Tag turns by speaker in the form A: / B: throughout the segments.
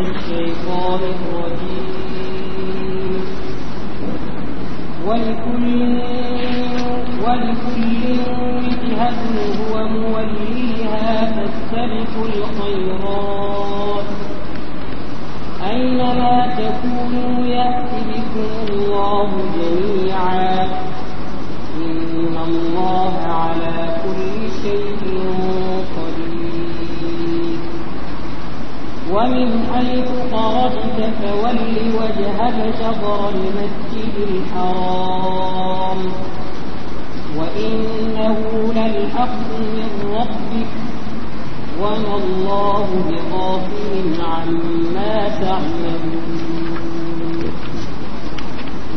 A: الشيطان الرجيم ولكل ولكل وجهة هو موليها فاستبقوا الخيرات أينما تكونوا يأتي بكم الله جميعا إن الله على كل شيء ومن حيث خرجت فول وجهك شطر المسجد الحرام وإنه للحق من ربك وما الله بغافل عما تعملون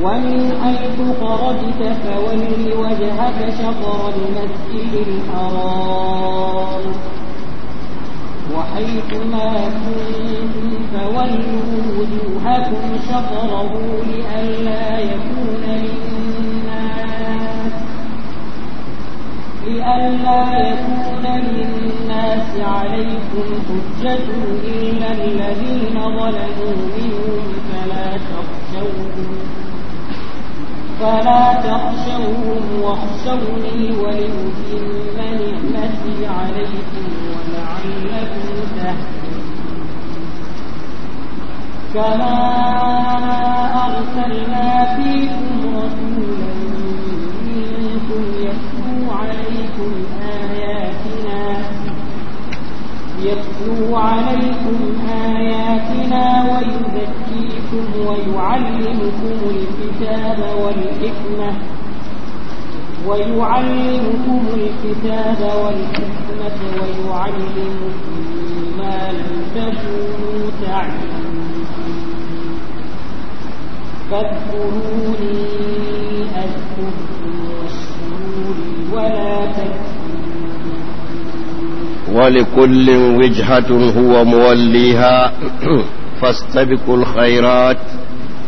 A: ومن حيث خرجت فول وجهك شطر المسجد الحرام وحيثما كنتم فولوا وجوهكم شطره لئلا يكون للناس لئلا يكون للناس عليكم حجة إلا الذين ظلموا منهم فلا تخشوهم فلا تخشوهم واخشوني ولأتم نعمتي عليكم لعلكم كما أرسلنا فيكم رسولا منكم يتلو عليكم آياتنا يتلو عليكم آياتنا ويزكيكم ويعلمكم الكتاب والحكمة ويعلمكم الكتاب والحكمة ويعلمكم ما لم تكونوا تعلمون فاذكروني أذكركم واشكروني ولا
B: ولكل وجهة هو موليها فاستبقوا الخيرات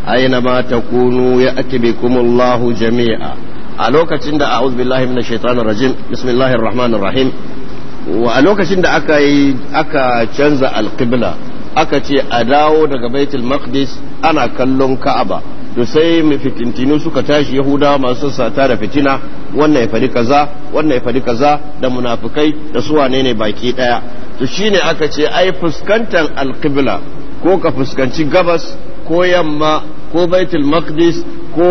B: أينما تكونوا يأتي بكم الله جميعا a lokacin da a'udhu billahi minash shaitanir rajim bismillahir rahmanir rahim wa a lokacin da aka yi aka canza alqibla aka ce a dawo daga baitul maqdis ana kallon ka'aba to sai mafitintinu suka tashi yahuda masu sata da fitina wannan ya fadi kaza wannan ya fadi kaza da munafukai da su wane ne baki daya to shine aka ce ai fuskantar alqibla ko ka fuskanci gabas ko yamma ko baitul maqdis ko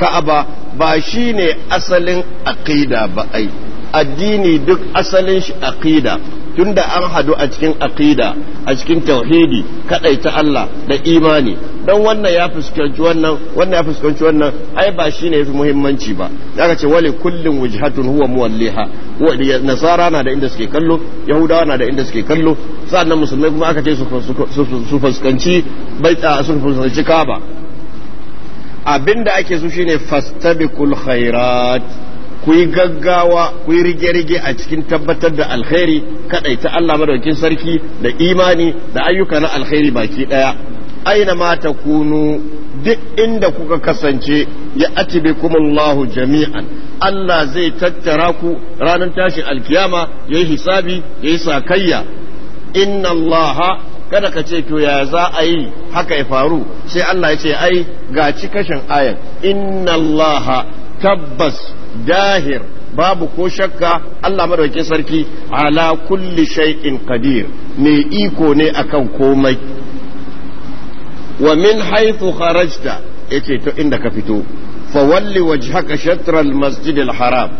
B: ka'aba ba shine asalin aqida ba ai addini duk asalin shi aqida tunda an hadu a cikin aqida a cikin tauhidi ta Allah da imani dan wannan ya fuskanci wannan wannan ya fuskanci wannan ai ba shine yafi muhimmanci ba zaka ce wali kullun wujhatun huwa muwalliha nasara na da inda suke kallo yahudawa na da inda suke kallo sannan musulmai kuma aka ce su fuskanci ta su fuskanci kaba abinda ake so shine fastabiqul khairat ku yi gaggawa ku yi rige-rige a cikin tabbatar da alkhairi ta Allah madaukin sarki da imani da ayyuka na alkhairi baki daya aina ma kunu duk inda kuka kasance ya Allahu jami'an Allah zai tattara ku ranar tashin alkiyama yayi hisabi yayi sakayya inna Allah kada ka ce to ya za a yi haka ya faru sai Allah ya ce ai ga ci kashin ayan inna Allah tabbas dahir babu ko shakka Allah madaukakin sarki ala kulli shay'in qadir mai iko ne akan komai wa min haythu kharajta yace to inda ka fito fa walli wajhaka shatr al masjid al haram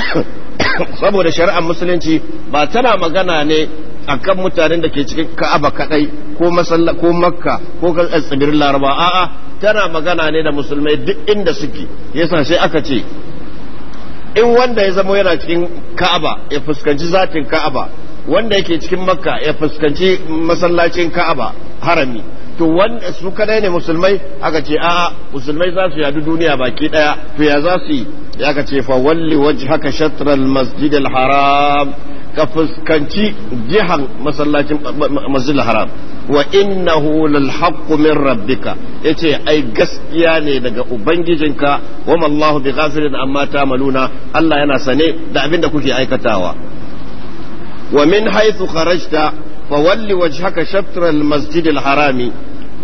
B: saboda shari'ar musulunci ba tana magana ne akan mutanen da ke cikin ka'aba kadai ko masalla ko makka ko kan tsibirin laraba a'a tana magana ne da musulmai duk inda suke yasa sai aka ce in wanda ya zama yana cikin ka'aba ya fuskanci zatin ka'aba wanda yake cikin makka ya fuskanci masallacin ka'aba harami to wanda su kadai ne musulmai aka ce a'a musulmai za su yadu duniya baki daya to ya za su yi ka ce fa walli wajhaka shatral masjidil haram ka fuskanci jihar masallacin masjidil haram wa innahu lil haqqu min rabbika yace ai gaskiya ne daga ubangijinka wa mallahu bi ghafirin amma ta'maluna Allah yana sane da abin da kuke aikatawa wa min haythu kharajta fawalli wajhaka shatr al masjid al harami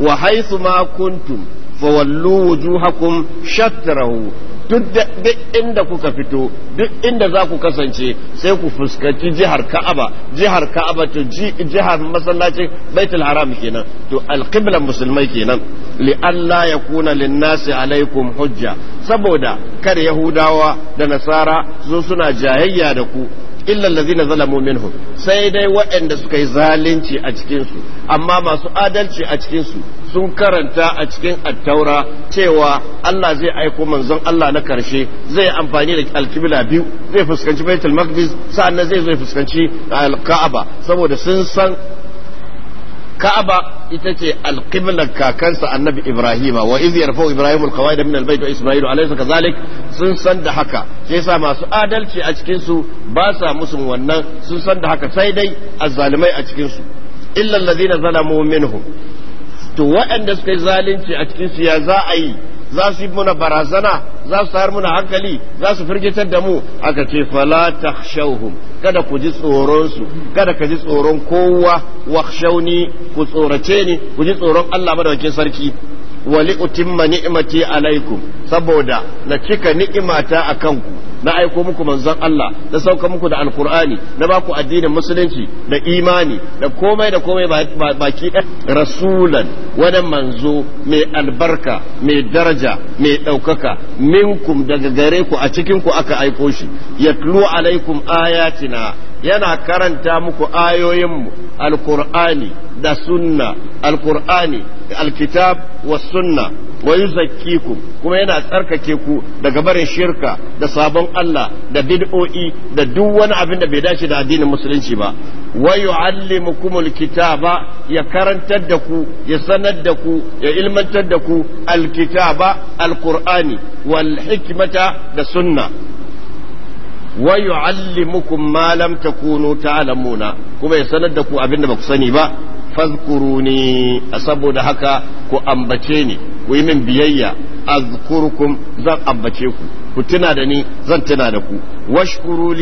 B: wa haythu ma kuntum fawallu wujuhakum shatrahu duk inda kuka fito duk inda za ku kasance sai ku fuskanci jihar ka'aba jihar ka'aba to jihar masallacin baitul haram kenan to alqiblan musulmai kenan li ya kuna linnasi alaikum hujja saboda kar yahudawa da nasara zo suna jayayya da ku illa allazina zalamu minhum sai dai waɗanda suka yi zalunci a cikin su amma masu adalci a cikin su sun karanta a cikin attaura cewa Allah zai aiko manzon Allah na karshe zai amfani da alkibla biyu zai fuskanci baitul maqdis sa'annan zai zo fuskanci al-ka'aba saboda sun san ka'aba ita ce alqiblar kakansa annabi ibrahima wa iz yarfau ibrahim alqawaida min albayt isma'il alaysa kazalik sun san da haka sai masu adalci a cikinsu su ba sa musun wannan sun san da haka sai dai azzalimai a cikin su illa alladhina zalamu minhum to waɗanda suka zalunci a cikin su ya za a yi za su yi muna barazana za su tayar muna hankali za su firgitar da mu aka ce fala takhshawhum kada ku ji tsoron su kada ka ji tsoron kowa wakhshawni ku tsorace ni ku ji tsoron Allah madawakin sarki wa li'utimma ni'mati alaikum saboda na cika ni'imata a kanku na aiko muku manzon Allah na sauka muku da alkur'ani na baku addinin musulunci da imani da komai da komai baki ɗaya rasulan wani manzo mai albarka mai daraja mai ɗaukaka minkum daga gare ku a cikin ku aka aiko shi yatlu alaikum ayatina yana karanta muku ayoyinmu alkur'ani da sunna alkur'ani alkitab wa sunna wa yuzakkikum kuma yana tsarkake ku daga barin shirka da sabon Allah da bid'o'i da duk wani abin da bai dace da addinin musulunci ba wa yuallimukum kitaba ya karantar da ku ya sanar da ku ya ilmantar da ku alkitaba alkur'ani wal hikmata da sunna wa yu'allimukum ma lam takunu ta'lamuna kuma ya sanar da ku abinda baku sani ba ne saboda haka ku ambace ni ku yi min biyayya azkurukum zan ambace ku ku tuna da ni zan tuna da ku washkuru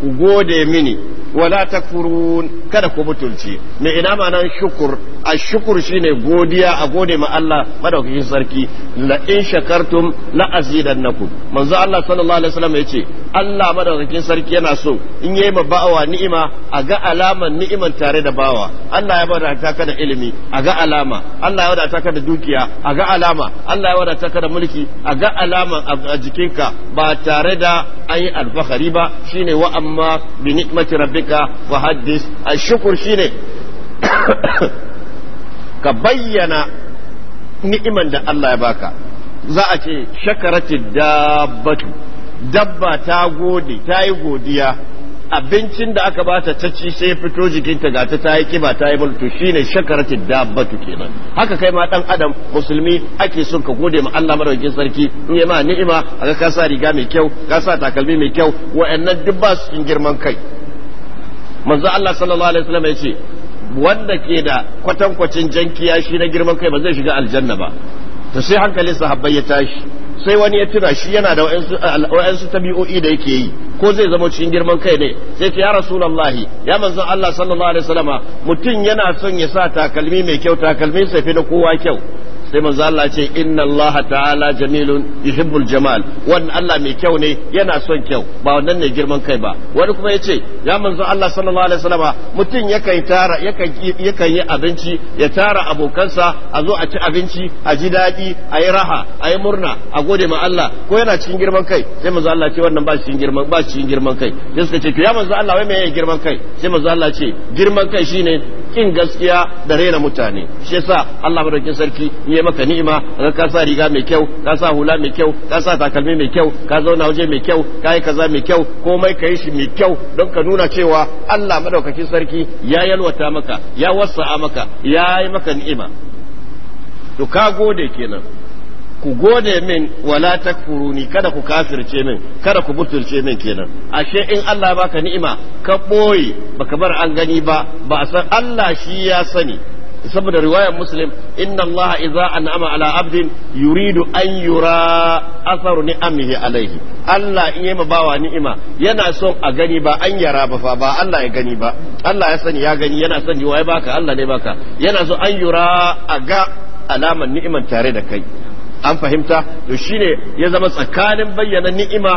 B: ku gode mini wala takfurun kada ku mutunci me ina ma'anar shukur a shukur shine godiya a gode ma Allah madaukakin sarki la in shakartum la azidannakum manzo Allah sallallahu alaihi wasallam yace Allah madaukakin sarki yana so in yayi ma bawa ni'ima a ga alaman ni'iman tare da bawa Allah ya bada taka da ilimi a ga alama Allah ya bada taka da dukiya a ga alama Allah ya bada taka da mulki a ga alaman a jikinka ba tare da an yi alfahari ba shine wa amma bi ni'mati rabbika wa haddis ashkur shine ka bayyana ni'iman da Allah ya baka za a ce shakarati dabbatu dabba ta gode ta yi godiya abincin da aka bata ta ci sai fito jikinta ga ta ta yi kiba ta yi mulki shine shakarati dabbatu kenan haka kai ma dan adam musulmi ake son ka gode ma Allah madaukakin sarki in yi ma ni'ima aga ka sa riga mai kyau ka sa takalmi mai kyau wa'annan duk ba su cikin girman kai manzo Allah sallallahu alaihi wasallam ya ce wanda ke da kwatankwacin jankiya shi na girman kai ba zai shiga aljanna ba to sai hankalin sahabbai ya tashi sai wani ya tuna shi yana da wa'ansu tabi'o'i da yake yi ko zai zama cikin girman kai ne sai ta ya rasulullahi ya manzon Allah sallallahu alaihi wasallama mutum yana son ya sa takalmi mai kyau takalmi sai fi na kowa kyau sai manzo Allah ce inna Allah ta'ala jamilun yuhibbul jamal wan Allah mai kyau ne yana son kyau ba wannan ne girman kai ba wani kuma yace ya manzo Allah sallallahu alaihi wasallama mutum yakan tara yakan yakan yi abinci ya tara abokansa a zo a ci abinci a ji daɗi a yi raha a yi murna a gode ma Allah ko yana cikin girman kai sai manzo Allah ce wannan ba cikin girman ba cikin girman kai sai suka ce to ya manzo Allah wai me girman kai sai manzo Allah ce girman kai shine kin gaskiya da raina mutane shi yasa Allah madaukin sarki ya maka ni'ima ka ka sa riga mai kyau ka sa hula mai kyau ka sa takalmi mai kyau ka zauna waje mai kyau ka yi kaza mai kyau komai ka yi shi mai kyau don ka nuna cewa Allah madaukakin sarki ya yalwata maka ya wasa'a maka ya yi maka ni'ima to ka gode kenan ku gode min wala takfuruni kada ku kafirce min kada ku butulce min kenan ashe in Allah baka ni'ima ka boye baka bar an gani ba ba a san Allah shi ya sani saboda riwayar muslim inna Allah idza an'ama ala abdin yuridu an yura atharu ni'amihi alaihi Allah in yayi bawa ni'ima yana son a gani ba an yara ba fa ba Allah ya gani ba Allah ya sani ya gani yana sani wai baka Allah ne baka yana so an yura a ga alaman ni'imar tare da kai an fahimta to shine ya zama tsakanin bayyana ni'ima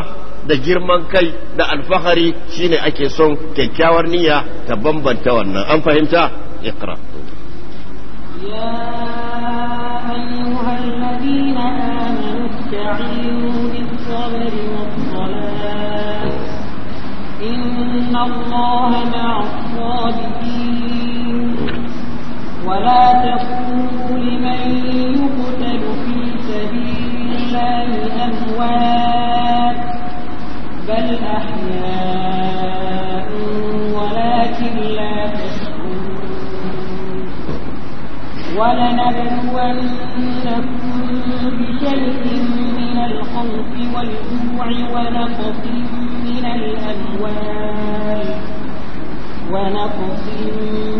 B: da girman kai da alfahari shine ake son kyakkyawar niyya ta bambanta wannan an fahimta iqra يا أيها
A: الذين آمنوا ولا تقولوا لمن يقول الله أموات بل أحياء ولكن لا تشكرون ولنبلونكم بشيء من الخوف والجوع ونقص من الأموال ونقص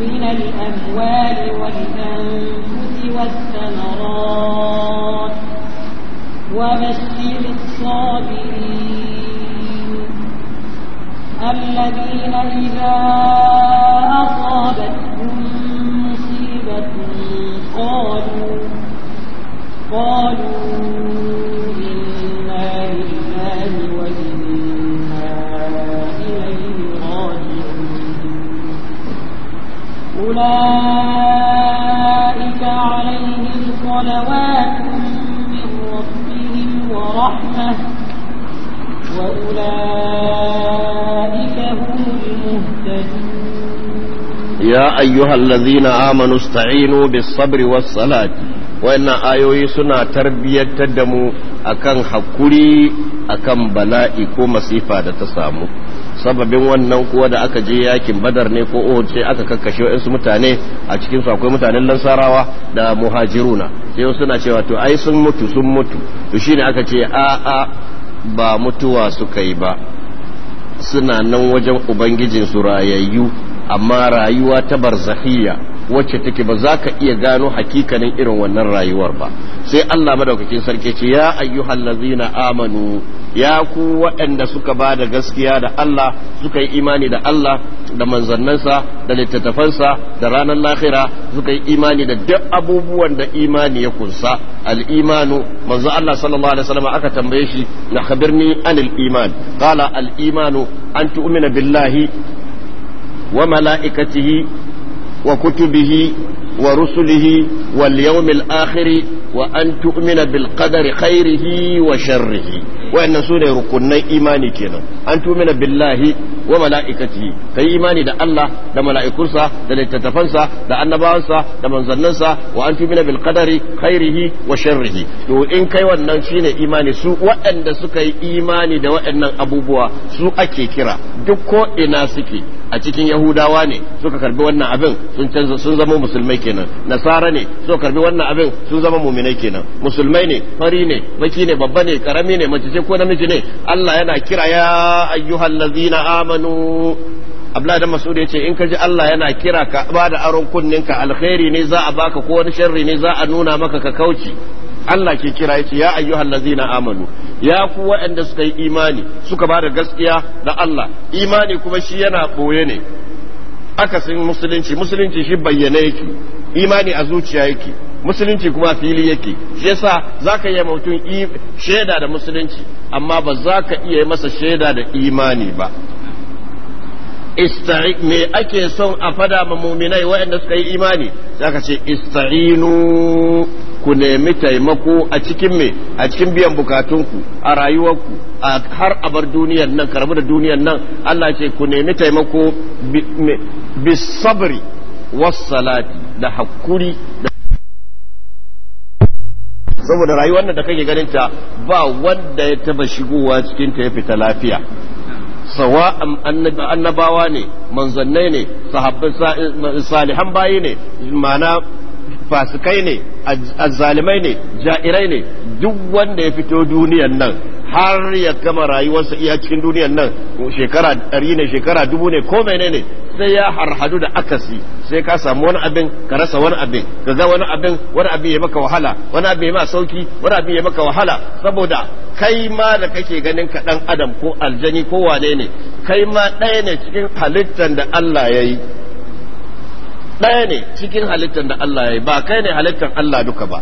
A: من الأموال والأنفس والثمرات وبشر الصابرين الذين إذا أصابتهم مصيبة
B: أيها الذين آمنوا استعينوا بالصبر والصلاة وإن آيوي سنة تربية تدمو bala'i ko masifa بلائكو مسيفة تسامو sababin wannan kuwa da aka je yakin badar ne ko uhud sai aka kakkashe wa'insu mutane a cikin akwai mutanen lansarawa da muhajiruna sai suna cewa to ai sun mutu sun mutu to shine aka ce a a ba mutuwa suka yi ba suna nan wajen ubangijin su rayayyu amma rayuwa ta barzahiyya wacce take ba za ka iya gano hakikanin irin wannan rayuwar ba sai Allah madaukakin sarki ce ya ayyuhal ladzina amanu ya ku waɗanda suka ba da gaskiya da Allah suka yi imani da Allah da manzannansa da littattafansa da ranar lahira suka yi imani da duk abubuwan da imani ya kunsa al-imanu manzo Allah sallallahu alaihi wasallam aka tambaye shi na khabirni anil iman qala al-imanu an tu'mina billahi wa mala'ikatihi wa kutubihi wa rusulihi wal yawmil akhir wa an tu'mina bil qadari khairihi wa sharrihi sune rukunnan imani kenan an tu'mina billahi wa mala'ikatihi kai imani da Allah da mala'ikunsa da littattafansa da annabawansa da manzannansa wa an tu'mina bil qadari wa sharrihi to in kai wannan shine imani su waɗanda suka yi imani da waɗannan abubuwa su ake kira duk ko ina suke a cikin yahudawa ne suka karbi wannan abin sun canza sun zama musulmai kenan nasara ne suka karbi wannan abin sun zama muminai kenan musulmai ne fari ne baki ne babba ne karami ne mace ce ko namiji ne Allah yana kira ya ayyuhal ladzina amanu Abla da Mas'ud ya ce in ka ji Allah yana kira ka ba da aron kunninka alkhairi ne za a baka ko wani sharri ne za a nuna maka ka kauci. Allah ke kira yace ya ayyuhal ladzina amanu ya ku waɗanda suka yi imani suka ba da gaskiya da Allah imani kuma shi yana ɓoye ne akasin musulunci musulunci shi bayyana yake imani a zuciya yake musulunci kuma fili yake shi yasa zaka iya mutum shaida da musulunci amma ba za ka iya masa shaida da imani ba me ake son a fada ma muminai waɗanda suka yi imani zaka ce ista'inu ku nemi taimako a cikin me a cikin biyan bukatunku a rayuwarku a har abar duniyar nan karbu da duniyar nan Allah ce ku nemi taimako bi sabri was salati da hakuri da saboda rayuwar nan da kake ganin ta ba wanda ya taba shigowa cikin ta ya fita lafiya sawa annabawa ne manzannai ne sahabbai eh, salihan bayi ne ma'ana fasikai ne azzalimai ne ja'irai ne duk wanda ya fito duniyan nan har ya gama rayuwarsa iya cikin duniyan nan shekara ɗari ne shekara dubu ne ko menene sai ya harhadu da akasi sai ka samu wani abin ka rasa wani abin ka ga wani abin wani abin ya maka wahala wani abin ya ma sauki wani abin ya maka wahala saboda kai ma da kake ganin ka dan adam ko aljani ko wane ne kai ma ɗaya ne cikin halittar da Allah ya yi ɗaya ne cikin halittar da Allah ya yi ba kai ne halittar Allah duka ba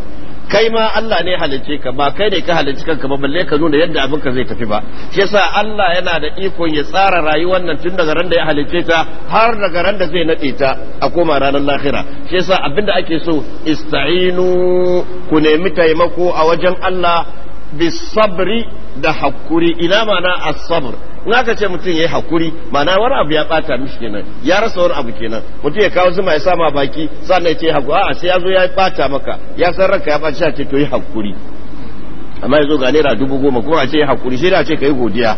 B: kai ma Allah ne halicce ka ba kai ne ka halicci kanka ba balle ka nuna yadda abin ka zai tafi ba shi yasa Allah yana da ikon ya tsara rayuwar nan tun daga ran da ya halicce ta har daga ran da zai nade ta a koma ranar lahira shi yasa da ake so ista'inu ku nemi taimako a wajen Allah bisabri da hakuri ina mana as-sabr in aka ce mutum yayi hakuri ma'ana wani abu ya bata mishi kenan ya rasa wani abu kenan mutum ya kawo zuma ya sama baki sannan ya ce hakuri a'a sai ya zo ya bata maka ya san ranka ya bata ce to yi hakuri amma ya zo ga naira dubu goma kuma a ce hakuri shi da ce ka yi godiya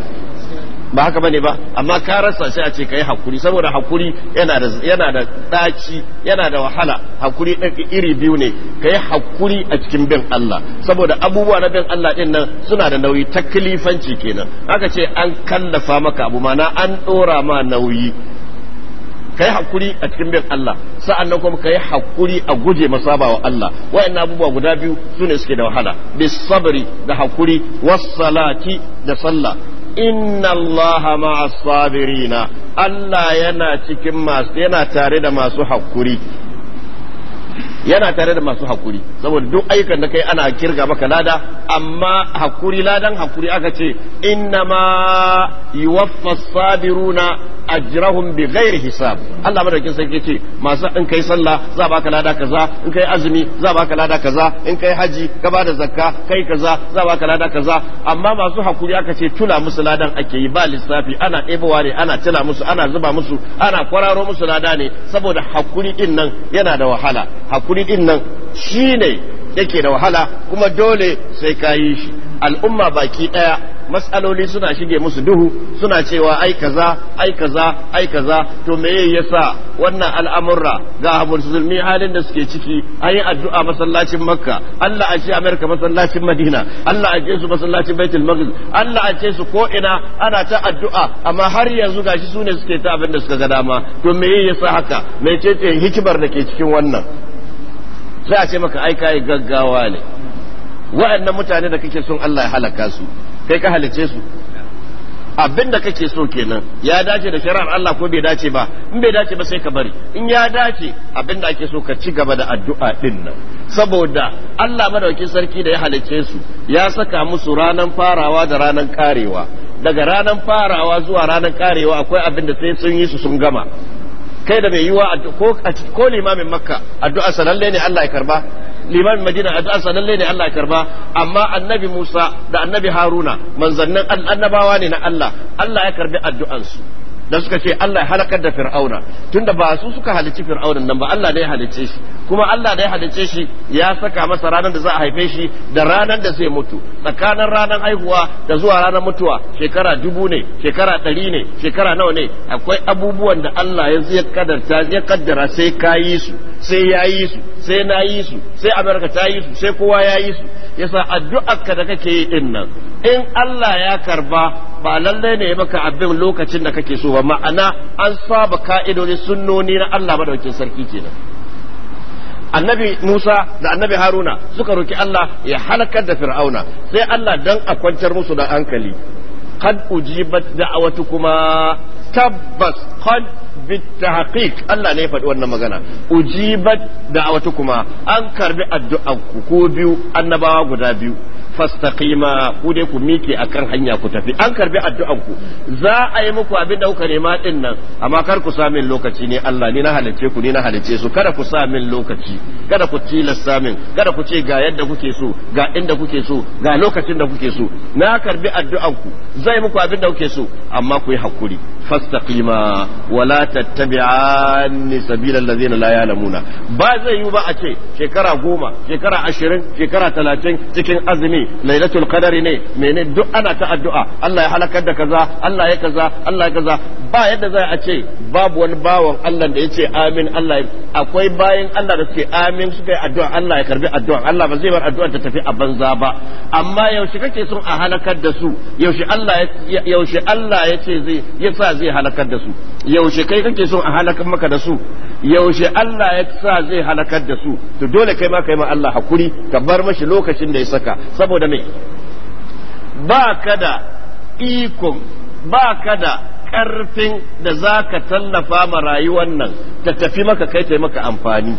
B: ba haka bane ba amma ka rasa sai a ce kai hakuri saboda hakuri yana da yana da daci yana da wahala hakuri din iri biyu ne kai hakuri a cikin bin Allah saboda abubuwa na bin Allah din nan suna da nauyi taklifanci kenan haka ce an kallafa maka abu mana an dora ma nauyi kai hakuri a cikin bin Allah sa'an nan kuma ka hakuri a guje masabawa Allah wa'in abubuwa guda biyu sune suke da wahala bis sabri da hakuri was salati da sallah inna allaha ma'as sabirina Allah yana cikin masu yana tare da masu hakuri yana tare da masu hakuri saboda duk ayyukan da kai ana kirga maka lada amma hakuri ladan hakuri aka ce ma yuwaffa sabiruna ajrahum bi ghairi hisab Allah madaukin sarki ce masu in kai sallah za baka lada kaza in kai azumi za baka lada kaza in kai haji ka bada zakka kai kaza za baka lada kaza amma masu hakuri aka ce tula musu ladan ake yi ba lissafi ana ɗebowa ne ana tila musu ana zuba musu ana kwararo musu lada ne saboda hakuri din nan yana da wahala hakuri hakuri din nan ne yake da wahala kuma dole sai ka yi shi al'umma baki ɗaya matsaloli suna shige musu duhu suna cewa ai kaza ai kaza ai kaza to me yasa wannan al'amurra ga zulmi halin da suke ciki an yi addu'a masallacin makka Allah a ce amerika masallacin madina Allah a ce su masallacin baitul maqdis Allah a ce su ko ina ana ta addu'a amma har yanzu gashi su ne suke ta abin da suka ga dama to me yasa haka me ce hikimar da ke cikin wannan za a ce maka ai kai gaggawa ne waɗannan mutane da kake son Allah ya halaka su kai ka halice su abin da kake so kenan ya dace da shari'ar Allah ko bai dace ba in bai dace ba sai ka bari in ya dace abin da ake so ka ci gaba da addu'a din nan saboda Allah madaukin sarki da ya halice su ya saka musu ranan farawa da ranan karewa daga ranan farawa zuwa ranan karewa akwai abin da sai sun yi su sun gama kai da bai mai yiwa ko limamin makka addu'a sananne ne Allah ya karba limamin madina addu'a sananne ne Allah ya karba amma annabi Musa da annabi Haruna manzannin annabawa ne na Allah Allah ya karbi addu'ansu da suka ce Allah ya halakar da fir'auna tunda ba su suka halicci fir'aunan nan ba Allah ne ya halicce shi kuma Allah ne ya halicce shi ya saka masa ranar da za a haife shi da ranar da zai mutu tsakanin ranar haihuwa da zuwa ranar mutuwa shekara dubu ne shekara ɗari ne shekara nawa ne akwai abubuwan da Allah ya zai kadarta ya kaddara sai ka yi su sai ya yi su sai na yi su sai Amerika ta yi su sai kowa ya yi su yasa ka da kake yi din nan in Allah ya karba ba lallai ne maka abin lokacin da kake so ba ma'ana an saba ka'idodi sunnoni na Allah madaukin sarki kenan annabi Musa da annabi Haruna suka roki Allah ya halakar da Fir'auna sai Allah dan a kwantar musu da hankali qad ujibat da'awatukuma tabbas qad بالتحقيق Allah ne ya faɗi wannan magana ujibat da'awatukuma an karbi addu'anku ko biyu annabawa guda biyu fastaqima ku dai ku miƙe akan hanya ku tafi an karbi addu'an ku za a yi muku abin da kuka nema din nan amma kar ku sa min lokaci ne Allah ni na halice ku ni na halice su kada ku sa min lokaci kada ku tilasta min kada ku ce ga yadda kuke so ga inda kuke so ga lokacin da kuke so na karbi addu'an ku zai muku abin da kuke so amma ku yi hakuri fastaqima wala tattabi'anni sabilal ladzina la ya'lamuna ba zai yiwu ba a ce shekara goma shekara ashirin shekara talatin cikin azumi lailatul qadari ne mene duk ana ta addu'a Allah ya halakar da kaza Allah ya kaza Allah ya kaza ba yadda za a ce babu wani bawan Allah da ya ce amin akwai bayan Allah da suke amin suka yi addu'a Allah ya karbi addu'a Allah ba zai bar addu'a ta tafi a banza ba amma yaushe kake son a halakar da su yaushe Allah yaushe Allah ya ce zai Allah zai halakar da su yaushe kai kake so a halakar maka da su yaushe Allah ya sa zai halakar da su to dole kai ma kai ma Allah hakuri ka bar mashi lokacin da ya saka saboda me ba ka da ikon ba ka da karfin da za ka tallafa ma rayuwar nan ta tafi maka kai ta maka amfani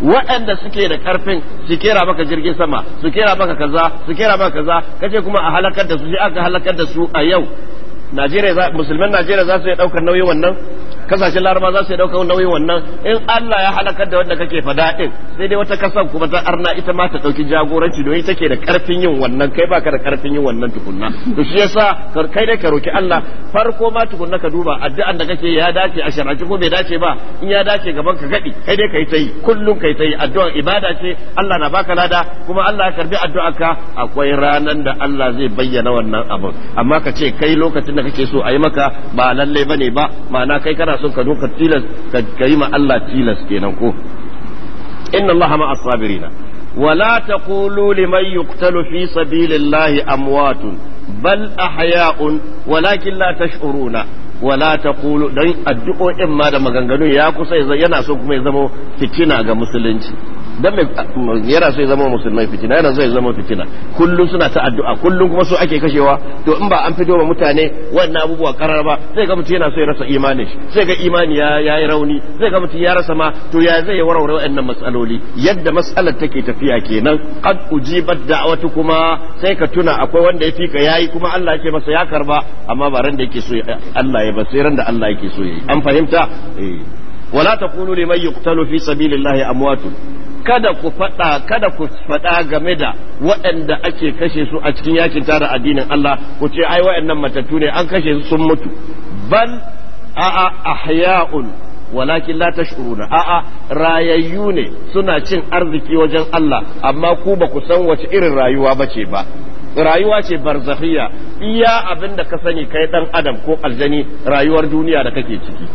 B: waɗanda suke da karfin su kera maka jirgin sama su kera maka kaza su kera maka kaza kace kuma a halakar da su sai aka halakar da su a yau Najeriya musulman Najeriya za su iya daukar nauyi wannan kasashen laraba za su dauka nauyin wannan in Allah ya halakar da wanda kake fada din sai dai wata kasan kuma ta arna ita ma ta dauki jagoranci don take da karfin yin wannan kai baka da karfin yin wannan tukunna to shi yasa kai dai ka roki Allah farko ma tukunna ka duba addu'an da kake ya dace a shar'anci ko bai dace ba in ya dace gaban ka gadi kai dai kai tai kullum kai tai addu'a ibada ce Allah na baka lada kuma Allah ya karbi addu'arka akwai ranan da Allah zai bayyana wannan abin amma ka ce kai lokacin da kake so a yi maka ba lalle bane ba ma'ana kai kana din ka doka tilas ka yi ma Allah tilas kenan ko inna Allah ma wala taqulu liman fi sabilillahi amwatun bal ahya'un walakin la tash'uruna addu'o'in ma da maganganun ya yana so kuma ya zama fitina ga musulunci dan yana so ya zama musulmai fitina yana so ya zama fitina kullum suna ta addu'a kullum kuma so ake kashewa to in ba an fito ba mutane wannan abubuwa karar ba sai ga mutum yana so ya rasa imani shi sai ga imani ya yi rauni sai ga mutum ya rasa ma to ya zai ya warware wa'annan matsaloli yadda matsalar take tafiya kenan qad ujibat da'watu kuma sai ka tuna akwai wanda ya fika yayi kuma Allah ya ce masa ya karba amma ba ran da yake so Allah ya ba sai ran da Allah yake so yayi an fahimta eh wala taqulu liman yuqtalu fi sabilillahi amwatun kada ku faɗa kada ku faɗa game da waɗanda ake kashe su a cikin yakin tara addinin Allah ku ce ai waɗannan matattu ne an kashe su sun mutu bal a'a ahya'un walakin la tash'uruna a'a rayayyu ne suna cin arziki wajen Allah amma ku ba ku san wace irin rayuwa bace ba rayuwa ce barzakhiya iya abinda ka sani kai dan adam ko aljani rayuwar duniya da kake ciki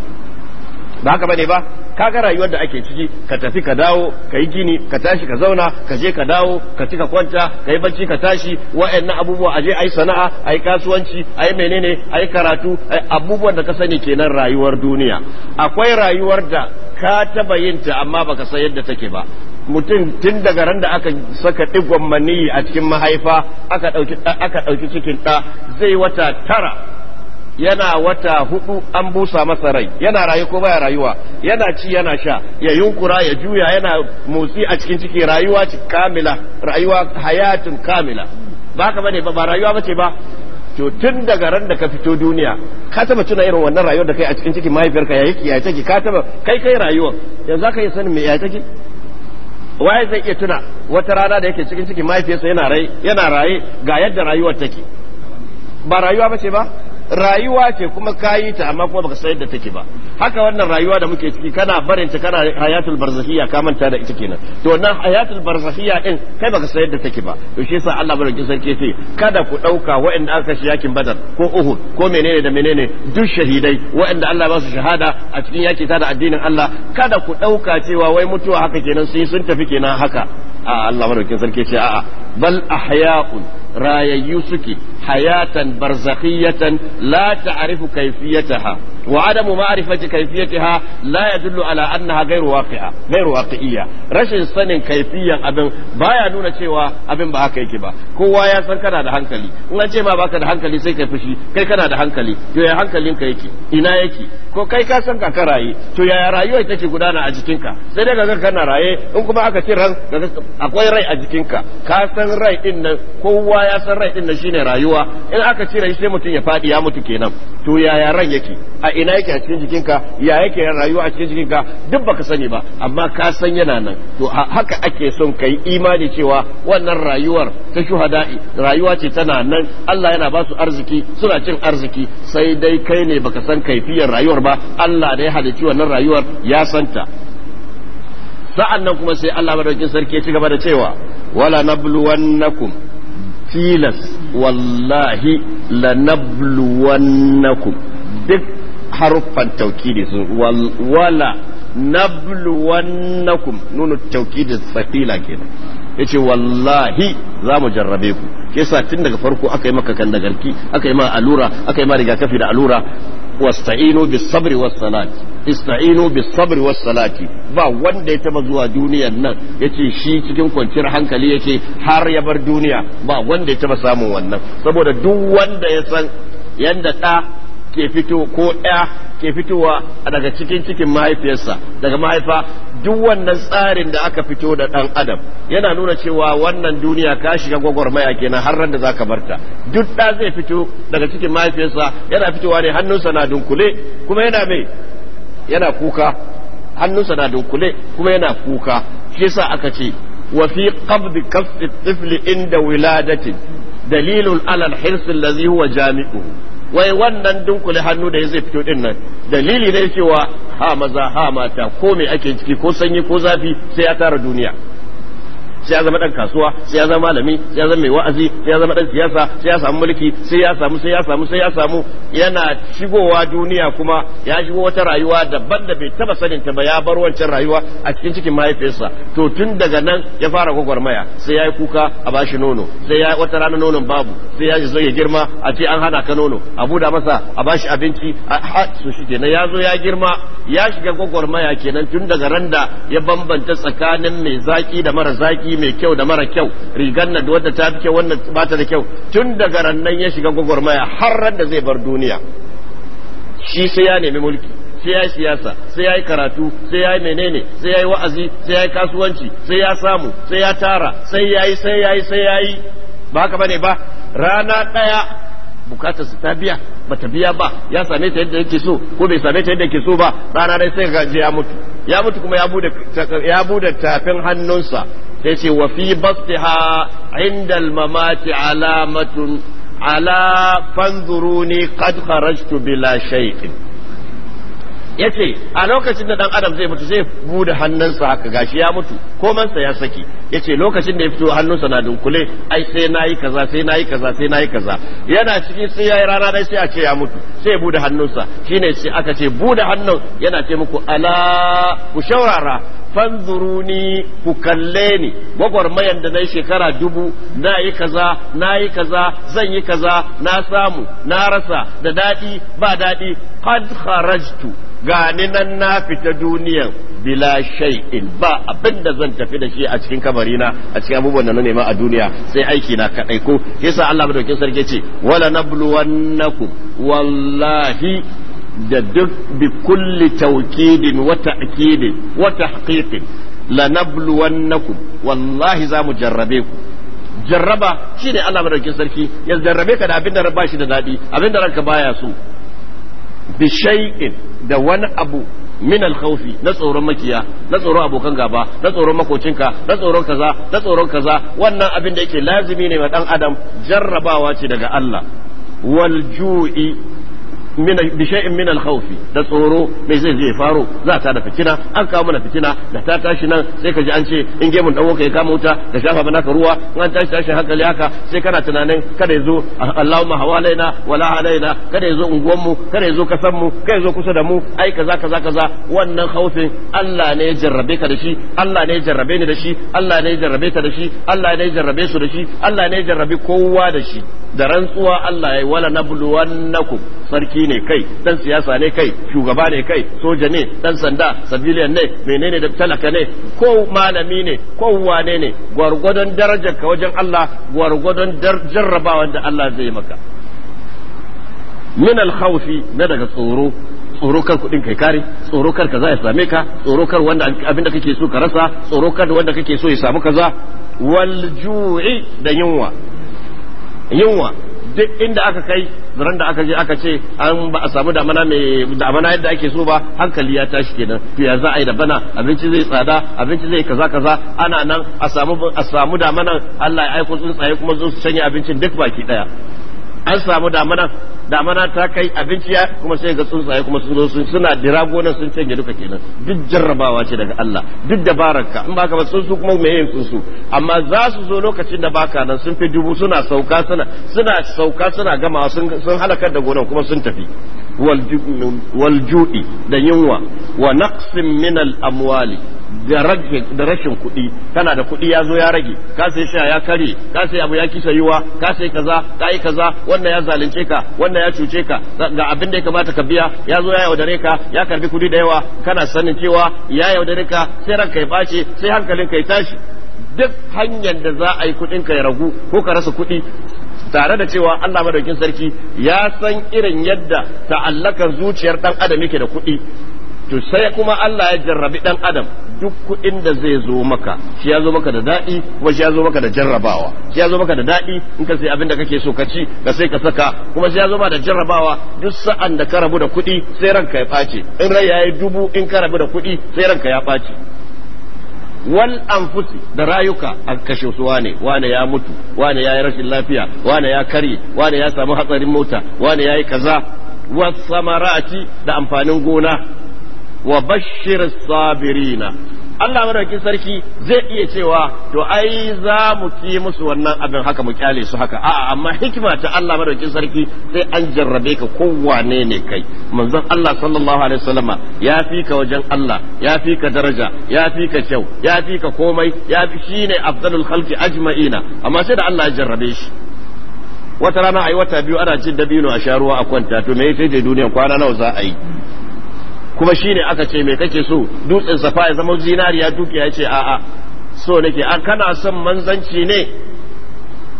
B: ba haka bane ba Ka ga rayuwar da ake ciki ka tafi ka dawo ka yi gini ka tashi ka zauna ka je ka dawo ka ci ka kwanta ka yi bacci ka tashi wa'annan abubuwa a aje ai sana'a ai kasuwanci ai menene ai karatu abubuwan da ka sani kenan rayuwar duniya akwai rayuwar da ka taba yin ta amma baka san yadda take ba mutum tun daga ran da aka saka digon maniyi a cikin mahaifa aka ɗauki cikin ɗa zai wata tara yana wata hudu an busa masa rai yana rayu ko baya rayuwa yana ci yana sha ya yunkura ya juya yana motsi a cikin ciki rayuwa ci kamila rayuwa hayatin kamila ba ka bane ba rayuwa bace ba to tun daga ran da ka fito duniya ka taba tuna irin wannan rayuwar da kai a cikin cikin mahaifiyarka ya yake ya take ka taba kai kai rayuwar yanzu ka yi sanin me ya take waye zai iya tuna wata rana da yake cikin cikin mahaifiyarsa yana rai yana raye ga yadda rayuwar take ba rayuwa bace ba rayuwa ce kuma kayi ta amma kuma baka sayar da take ba haka wannan rayuwa da muke ciki kana barin ta kana hayatul barzakhiya ka manta da ita kenan to wannan hayatul barzakhiya din kai baka sayar da take ba to shi yasa Allah barkin sarki ce kada ku dauka waɗanda aka shi yakin badar ko uhu ko menene da menene duk shahidai waɗanda Allah ba su shahada a cikin yaki ta da addinin Allah kada ku dauka cewa wai mutuwa haka kenan sai sun tafi kenan haka a Allah barkin sarki ce a'a bal ahya'un rayayyu suke hayatan barzakhiyatan la ta'rifu kayfiyataha وعدم معرفة كيفيتها لا يدل على أنها غير واقعة غير واقعية رشن سنن كيفيا أبن بايا نونا cewa abin ba haka yake ba kowa ya san kana da hankali in an ce ma baka da hankali sai kai fushi kai kana da hankali to ya hankalinka yake ina yake ko kai ka san ka raye to yaya rayuwa take gudana a jikin ka sai dai kaga kana raye in kuma aka ci ran akwai rai a jikin ka ka san rai din nan kowa ya san rai din nan shine rayuwa in aka ci ra'i sai mutum ya fadi ya mutu kenan to yaya ran yake a ina yake a cikin jikinka ya yake rayuwa a cikin jikinka duk baka sani ba amma ka san yana nan to haka ake son kai imani cewa wannan rayuwar ta shuhada'i rayuwa ce tana nan Allah yana ba su arziki suna cin arziki sai dai kai ne baka san kaifiyar rayuwar ba Allah da ya halicci wannan rayuwar ya santa sa'an nan kuma sai Allah madaukin sarki ya ci gaba da cewa wala nabluwannakum tilas wallahi lanabluwannakum duk haruffan taukidi su wala nabluwannakum nunu taukidi tsakila kenan yace wallahi za mu jarrabe ku yasa tun daga farko aka yi maka kandagarki aka yi ma alura aka yi ma rigakafi da alura wasta'inu bis sabri was salati ista'inu bis sabri was salati ba wanda ya taba zuwa duniyar nan yace shi cikin kwanciyar hankali yace har ya bar duniya ba wanda ya taba samun wannan saboda duk wanda ya san yanda da ke fito ko ɗaya ke fitowa daga cikin cikin mahaifiyarsa daga mahaifa duk wannan tsarin da aka fito da ɗan adam yana nuna cewa wannan duniya ka shiga gwagwarmaya kenan har ran da ka barta duk ɗa zai fito daga cikin mahaifiyarsa yana fitowa ne hannunsa na dunkule kuma yana mai yana kuka hannunsa na dunkule kuma yana kuka shi sa aka ce wa fi qabdi kaffi tifli inda wiladatin dalilun alal hirsin allazi huwa jami'uhu wai wannan dunkule hannu da ya zai fito din nan dalili ne cewa ha maza ha mata ko me ake ciki ko sanyi ko zafi sai ya tara duniya sai ya zama dan kasuwa sai ya zama malami sai ya zama mai wa'azi sai ya zama dan siyasa sai ya samu mulki sai ya samu sai ya samu sai ya samu yana shigowa duniya kuma ya shigo wata rayuwa daban da bai taba sanin ta ba ya bar wancan rayuwa a cikin cikin mahaifiyarsa to tun daga nan ya fara gwagwarmaya sai ya yi kuka a bashi nono sai ya wata rana nonon babu sai ya zo ya girma a ce an hana ka nono a buda masa a bashi abinci a su shi kenan ya zo ya girma ya shiga gwagwarmaya kenan tun daga ran da ya bambanta tsakanin mai zaki da mara zaki yi mai kyau da mara kyau rigar na wadda ta fi kyau wannan ba ta da kyau tun daga rannan ya shiga gwagwarmaya har ran da zai bar duniya shi sai ya nemi mulki sai ya yi siyasa sai ya yi karatu sai ya yi menene sai ya yi wa'azi sai ya yi kasuwanci sai ya samu sai ya tara sai ya yi sai ya yi sai ya yi ba haka bane ba rana ɗaya bukatar su ta biya bata biya ba ya same ta yadda yake so ko bai same ta yadda yake so ba rana dai sai gaje ya mutu ya mutu kuma ya bude tafin hannunsa sai ce wa fi ha inda mamati alamatun ala fanzuruni qad kharajtu bila shay'in yace a lokacin da dan adam zai mutu zai bude hannunsa haka gashi ya mutu komansa ya saki yace lokacin da ya fito hannunsa na dunkule ai sai nayi kaza sai nayi kaza sai nayi kaza yana cikin sai yayi rana dai sai a ce ya mutu sai bude hannunsa shine sai aka ce bude hannun yana ce muku ala ku shaurara fanzuruni ku kalle ni gwagwarmayan da na yi shekara dubu na yi kaza na yi kaza zan yi kaza na samu na rasa da daɗi ba daɗi qad kharajtu gani nan na fita duniyan bila shay'in ba abinda zan tafi da shi a cikin kabarina a cikin abubuwan da na nema a duniya sai aiki na kadai ko yasa Allah madaukakin sarki ce wala nabluwannakum wallahi da duk bi kulli tawkidin wa ta'kidin wa tahqiqin lanabluwannakum wallahi za mu jarrabe ku jarraba shine Allah madaukakin sarki ya jarrabe ka da abin da ba shi da dadi abin da ranka baya so bi shay'in da wani abu min alkhawfi na tsoron makiya na tsoron abokan gaba na tsoron makocinka na tsoron kaza na tsoron kaza wannan abin da yake lazimi ne ma dan adam jarrabawa ce daga Allah wal ju'i bi shay'in min haufi da tsoro me zai zai faro za ta da fitina an kawo mana fitina da ta tashi nan sai ka ji an ce in gemun dan ka ya kama wuta da shafa mana ka ruwa in an tashi tashi hankali haka sai kana tunanin kada yazo Allahumma hawalaina wala alaina kada yazo unguwan mu kada yazo kasan mu kada yazo kusa da mu ai kaza kaza kaza wannan haufin. Allah ne ya jarrabe ka da shi Allah ne ya jarrabe ni da shi Allah ne ya jarrabe ta da shi Allah ne ya jarrabe su da shi Allah ne ya jarrabe kowa da shi da rantsuwa Allah ya wala nabluwannakum sarki ne kai dan siyasa ne kai shugaba ne kai soja ne dan sanda civilian ne menene da talaka ne ko malami ne ko wane ne gwargwadon darajar ka wajen Allah gwargwadon jarrabawan da Allah zai maka min al-khawfi na daga tsoro tsoro kar kudin kai kare tsoro kar za ya same ka tsoro kar wanda abinda kake so ka rasa tsoro kar wanda kake so ya samu kaza wal ju'i da yunwa yunwa duk inda aka kai ran da aka je aka ce an ba a samu damana mai damana yadda ake so ba hankali ya tashi kenan to ya za a yi da bana abinci zai tsada abinci zai kaza kaza ana nan a samu a samu damana Allah ya aiko tsuntsaye kuma zo su sanya abincin duk baki daya an samu damana damana ta kai abinci ya kuma sai ga tsuntsaye kuma sun zo suna dira gona sun canje duka kenan duk jarrabawa ce daga Allah duk da in baka ba su kuma me yin su amma za su zo lokacin da baka nan sun fi dubu suna sauka suna suna sauka suna gama sun sun halakar da gonan kuma sun tafi wal ju'i da yunwa wa naqsin min al amwali da rashin kuɗi kana da kuɗi ya zo ya rage ka sai sha ya kare ka sai abu ya kisa yiwa ka sai kaza ka yi kaza wannan ya zalunce ka wannan ya cuce ka ga abin da ya kamata ka biya ya zo ya yaudare ka ya karbi kuɗi da yawa kana sanin cewa ya yaudare ka sai ranka ya ɓace sai hankalin ka ya tashi duk hanyar da za a yi kuɗin ka ya ragu ko ka rasa kuɗi tare da cewa Allah madaukin sarki ya san irin yadda ta'allakar zuciyar dan adam yake da kuɗi to sai kuma Allah ya jarrabi dan adam duk kuɗin da zai zo maka shi ya zo maka da daɗi kuma shi ya zo maka da jarrabawa shi ya zo maka da daɗi in ka sai abin da kake so ka ci ka sai ka saka kuma shi ya zo maka da jarrabawa duk sa'an da ka rabu da kuɗi sai ranka ya ɓace in rai yayi dubu in ka rabu da kuɗi sai ranka ya ɓace wal anfusi da rayuka an kashe su wane wane ya mutu wane ya yi rashin lafiya wane ya karye wane ya samu hatsarin mota wane ya yi kaza samarati da amfanin gona wa bashir sabirina Allah madaukakin sarki zai iya cewa to ai za mu ki musu wannan abin haka mu kyale su haka a'a amma hikima ta Allah madaukakin sarki sai an jarrabe ka kowane ne kai manzon Allah sallallahu alaihi wasallama ya fi ka wajen Allah ya fi ka daraja ya fi ka kyau ya fi ka komai ya fi shine afdalul khalqi ajma'ina amma sai da Allah ya jarrabe shi wata rana ai wata biyu ana cin dabino a sha ruwa a kwanta to me yake je duniya kwana nawa za a yi kuma shine aka ce me kake so dutsen safa ya zama zinariya duke ya ce a'a so nake a kana son manzanci ne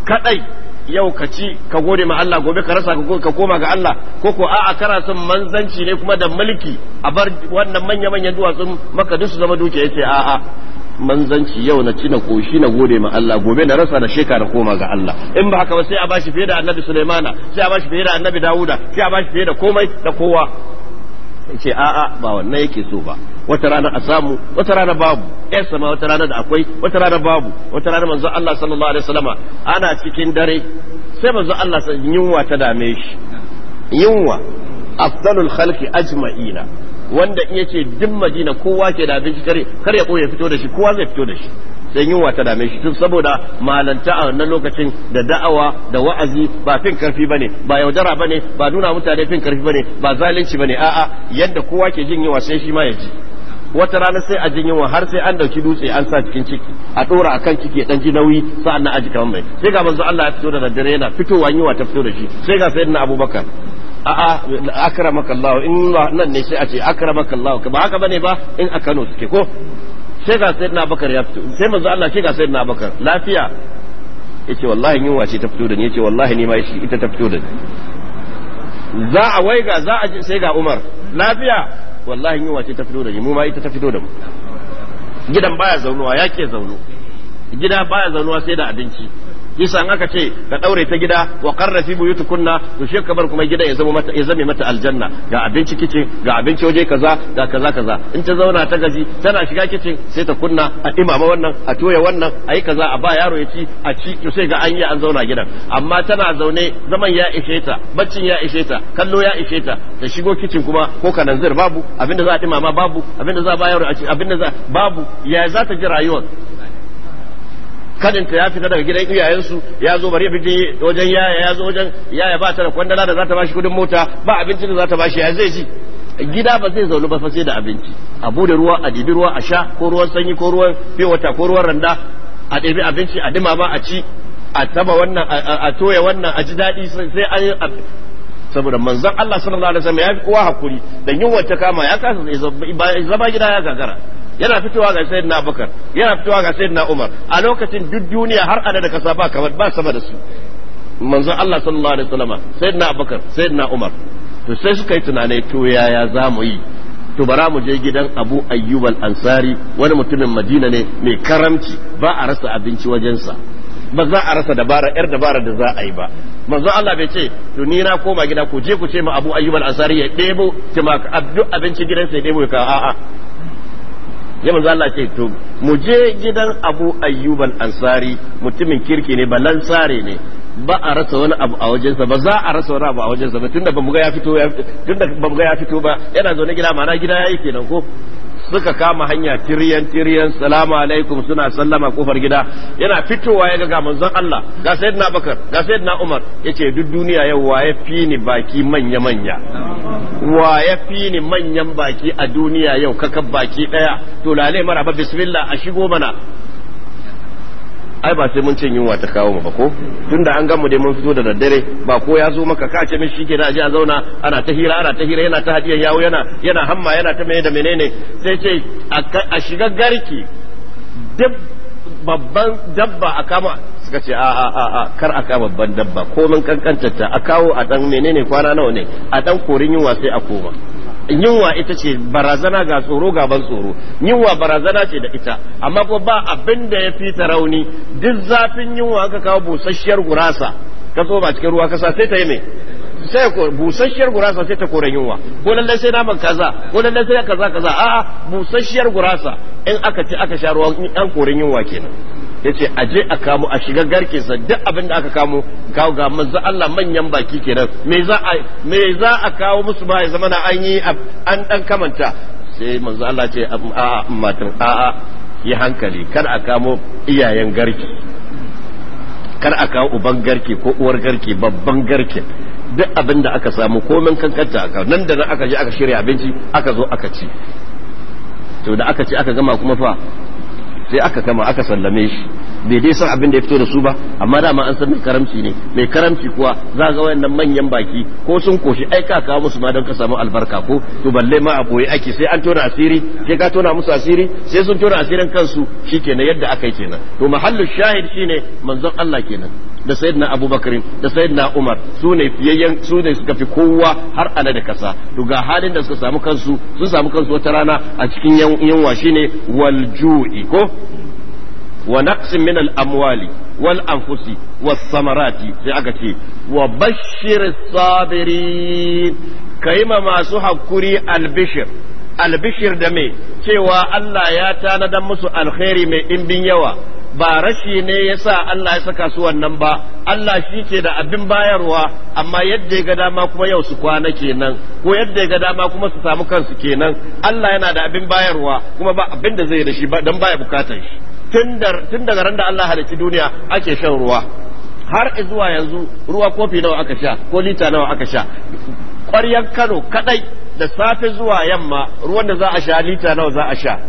B: kadai yau ka ci ka gode ma Allah gobe ka rasa ka koma ga Allah ko ko a'a kana son manzanci ne kuma da mulki a bar wannan manya manyan duwatsun maka duk su zama duke ce a'a manzanci yau na ci na koshi na gode ma Allah gobe na rasa na sheka na koma ga Allah in ba haka ba sai a bashi fiye da Annabi Sulaimana sai a bashi fiye da Annabi Dawuda sai a bashi fiye da komai da kowa ce a'a ba wannan yake so ba wata rana a samu wata rana babu yar sama wata rana da akwai wata rana babu wata rana manzo Allah sallallahu alaihi wasallama ana cikin dare sai manzo Allah yunwa ta dame shi yunwa afdalul khalqi ajma'ina wanda in yace duk madina kowa ke da abinci kare kar ya fito da shi kowa zai fito da shi dan yunwa ta dame shi tun saboda malanta a wannan lokacin da da'awa da wa'azi ba fin karfi bane ba yaudara bane ba nuna mutane fin karfi bane ba zalunci bane a'a yadda kowa ke jin yunwa sai shi ma ya ji wata rana sai a jin yunwa har sai an dauki dutse an sa cikin ciki a dora akan ciki dan ji nauyi sa'annan a ji kamar mai sai ga manzo Allah ya fito da daddare yana fitowa yunwa ta fito da shi sai ga sayyidina Abubakar a'a a akramakallahu in nan ne sai a ce akramakallahu ba haka bane ba in a Kano suke ko sai ga sayyidina abakar ya fito sai manzo Allah sai ga sayyidina abakar lafiya yace wallahi yunwa ce ta fito da ni yace wallahi ni ma shi ita ta fito da ni za a ga za a sai ga Umar lafiya wallahi yunwa ce ta fito da ni mu ma ita ta fito da mu gidan baya zaunuwa yake zaunu gida baya zaunuwa sai da abinci yasa an aka ce ka daure ta gida wa qarra fi buyutukunna to shi bar kuma gida ya zama mata ya zame mata aljanna ga abinci kicin ga abinci waje kaza ga kaza kaza in ta zauna ta gaji tana shiga kicin sai ta kunna a imama wannan a toya wannan a yi kaza a ba yaro ya ci a ci to sai ga an yi an zauna gidan amma tana zaune zaman ya ishe ta baccin ya ishe ta kallo ya ishe ta ta shigo kicin kuma ko kananzir babu abinda za a imama babu abinda za a ba yaro a ci abinda za babu ya za ta ji rayuwar kadinta ya fita daga gidan iyayensu ya zo bari fiti wajen yaya ya zo wajen yaya ba ta da kwandala da za ta bashi kudin mota ba abincin da za ta bashi ya zai ci gida ba zai zaune ba fa sai da abinci a bude ruwa a dibi ruwa a sha ko ruwan sanyi ko ruwan fiye wata ko ruwan randa a ɗebi abinci a dima ba a ci a taba wannan a toya wannan a ji daɗi sai an saboda manzon Allah sallallahu alaihi wasallam ya fi kowa hakuri dan yunwa ta kama ya kasa zama gida ya gagara yana fitowa ga sayyidina abubakar yana fitowa ga sayyidina umar a lokacin duk duniya har ana da kasa ba kamar ba sama da su manzo Allah sallallahu alaihi wasallam sayyidina abubakar sayyidina umar to sai suka yi tunane to yaya za mu yi to bara mu je gidan abu ayyub al-ansari wani mutumin madina ne mai karamci ba a rasa abinci wajensa ba za a rasa dabara yar dabara da za a yi ba manzo Allah bai ce to ni na koma gida ku je ku ce ma abu ayyub al-ansari ya debo ki ma duk abinci gidansa ya debo ka a'a ya manzo Allah ce to mu je gidan Abu Ayyub al-Ansari mutumin kirki ne ba lansare ne ba a rasa wani abu a wajensa ba za a rasa wani abu a wajensa ba tunda ba mu ga ya fito tunda ba mu ga ya fito ba yana zaune gida mana gida yake kenan ko suka kama hanya tiriyan tiriyan salamu alaikum suna sallama kofar gida yana fitowa ya ga manzon Allah ga na Bakar ga na Umar yace duk duniya yau waye fi ni baki manya manya waye fi ni manyan baki a duniya yau kakar baki daya to lale ba bismillah a shigo mana ai ba sai mun cin yunwa ta kawo mu ba ko tunda an gamu dai mun fito da daddare ba ko ya zo maka ka ce mishi ke da aje a zauna ana ta hira ana ta hira yana ta hadiyar yawo yana yana hamma yana ta mai da menene sai ce a shiga garki duk babban dabba a kama suka ce a a a a kar a kama babban dabba komin kankantar ta a kawo a dan menene kwana nawa ne a dan korin yunwa sai a koma yunwa ita ce barazana ga tsoro ga ban tsoro yunwa barazana ce da ita amma ko ba abin da ya fi rauni duk zafin yunwa ka kawo busasshiyar gurasa ka zo ba cikin ruwa kasa sai ta yi mai sai busasshiyar gurasa sai ta kore yunwa ko lallai sai naman kaza ko lallai sai kaza kaza a'a busasshiyar gurasa in aka ci aka sha ruwa an kore yunwa kenan ce a je a kamo a shiga garke sa duk abin da aka kamo kawo ga manzo Allah manyan baki kenan me za a me za a kawo musu ba ya zama na an yi an dan kamanta sai manzo Allah ce a matan a a yi hankali kar a kamo iyayen garke. kar a kawo uban garke ko uwar garke babban garke duk abin da aka samu komin kankanta aka nan da nan aka je aka shirya abinci aka zo aka ci to da aka ci aka gama kuma fa sai aka kama aka sallame shi bai dai san abin da ya fito da su ba amma dama an san mai karamci ne mai karamci kuwa za ga wayannan manyan baki ko sun koshi ai ka kawo musu ma don ka samu albarka ko to balle ma a boye ake sai an tona asiri sai ka tona musu asiri sai sun tona asirin kansu shikenan yadda aka yi kenan to mahallu shahid shine manzon Allah kenan da sayyidina abubakar da sayyidina umar su ne fiyayyen su ne suka fi kowa har ana da kasa to ga halin da suka samu kansu sun samu kansu wata rana a cikin yanwa shine wal ju'i ko wa naqsin min al amwali wal anfusi was samarati sai aka ce wa bashir sabirin kaima masu hakuri albishir albishir da me cewa Allah ya tanadan musu alkhairi mai ɗimbin yawa ba rashi ne ya sa Allah ya saka su wannan ba Allah shi ke da abin bayarwa amma yadda ya ga dama kuma yau su kwana kenan ko yadda ya ga dama kuma su samu kansu kenan Allah yana da abin bayarwa kuma ba abin da zai da shi ba dan baya bukatar shi tun daga ran da Allah halicci duniya ake shan ruwa har zuwa yanzu ruwa kofi nawa aka sha ko lita nawa aka sha ƙwaryan Kano kadai da safe zuwa yamma ruwan da za a sha lita nawa za a sha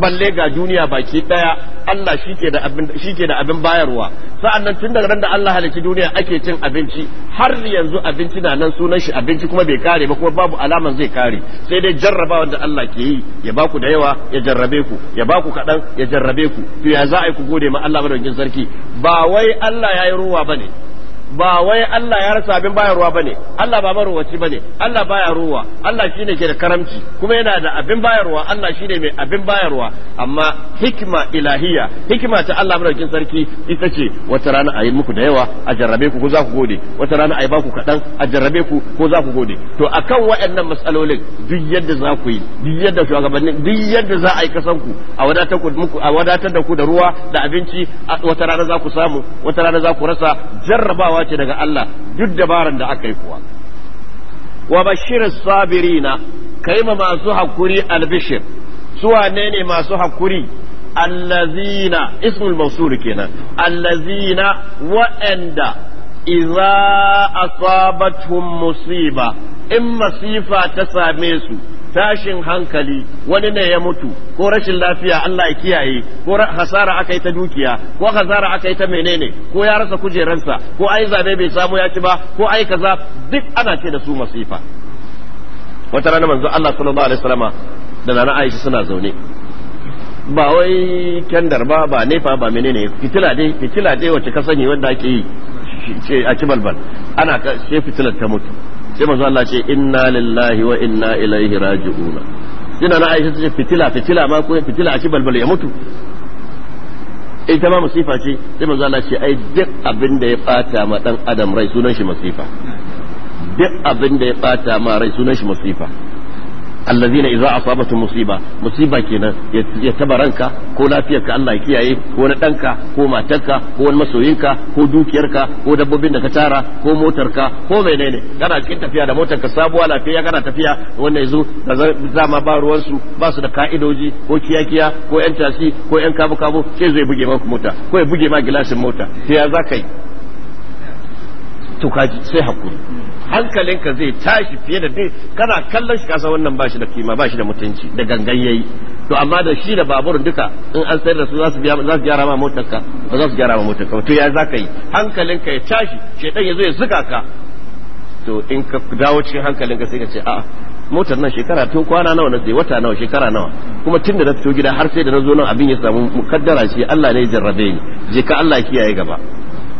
B: balle ga duniya baki daya Allah shi ke da abin bayarwa sa'annan tun daga ran da Allah halici duniya ake cin abinci har yanzu abinci na nan sunan shi abinci kuma bai kare ba kuma babu alaman zai kare sai dai jarrabawar da Allah ke yi ya ba ku da yawa ya jarrabe ku ya ba ku kaɗan ya jarrabe ku to ya za a yi ku gode ma Allah madaukakin sarki ba wai Allah ya yi ruwa bane ba wai Allah ya rasa abin bayarwa bane Allah ba marowaci bane Allah baya ruwa Allah shine ke da karamci kuma yana da abin bayarwa Allah shine mai abin bayarwa amma hikima ilahiya hikima ta Allah madaukin sarki ita ce wata rana a yi muku da yawa a jarrabe ku ko za ku gode wata rana a yi baku kaɗan a jarrabe ku ko za ku gode to akan waɗannan matsalolin duk yadda za ku yi duk yadda shugabannin duk yadda za a yi kasan ku a wadatar ku a wadatar da ku da ruwa da abinci wata rana za ku samu wata rana za ku rasa jarrabawa jarabawa ce daga Allah duk dabaran da aka yi kuwa wa bashirin sabirina kai ma masu hakuri albishir su wanene ne masu hakuri allazina ismul mawsul kenan allazina wa'anda iza asabatuhum musiba in masifa ta same su tashin hankali wani ne ya mutu ko rashin lafiya Allah ya kiyaye ko hasara aka yi ta dukiya ko hasara aka yi ta menene ko ya rasa kujeransa ko ai zabe bai samu ya ci ba ko ai kaza duk ana ce da su masifa wata rana manzo Allah sallallahu alaihi wasallama da nana Aisha suna zaune ba wai kyandar ba ba nefa ba menene fitila dai fitila dai wacce ka sani wanda ake yi ce a kibalbal ana ce fitilar ta mutu sai manzo Allah ce inna lillahi wa inna ilaihi raji'un dina na Aisha ce fitila fitila ma ko fitila a kibalbal ya mutu ita ma musifa ce sai manzo Allah ce ai duk abin da ya bata ma dan adam rai sunan shi musifa duk abin da ya bata ma rai sunan shi musifa allazina idza asabatu musiba musiba kenan ya taba ranka ko lafiyarka Allah ya kiyaye ko na danka ko matarka ko masoyinka ko dukiyarka ko dabbobin da ka tara ko motarka ko menene kana cikin tafiya da motarka sabuwa lafiya kana tafiya wanda yazo da zama ba ruwan su ba su da ka'idoji ko kiyakiya ko yan tasi ko yan kabu kabu sai zai buge maka mota ko ya buge ma gilashin mota sai ya zaka yi to kaji sai hakuri hankalinka zai tashi fiye da dai kana kallon shi kasa wannan bashi da kima bashi da mutunci da gangayyayi to amma da shi da baburin duka in an sayar da su za su gyara ma motarka ba za su gyara ma motarka to ya za ka yi hankalinka ya tashi shedan ya zo ya zuga ka to in ka dawo cikin hankalinka sai ka ce a'a motar nan shekara tun kwana nawa na sai wata nawa shekara nawa kuma tun da na fito gida har sai da na zo nan abin ya samu mukaddara shi Allah ne ya jarrabe ni je ka Allah kiyaye gaba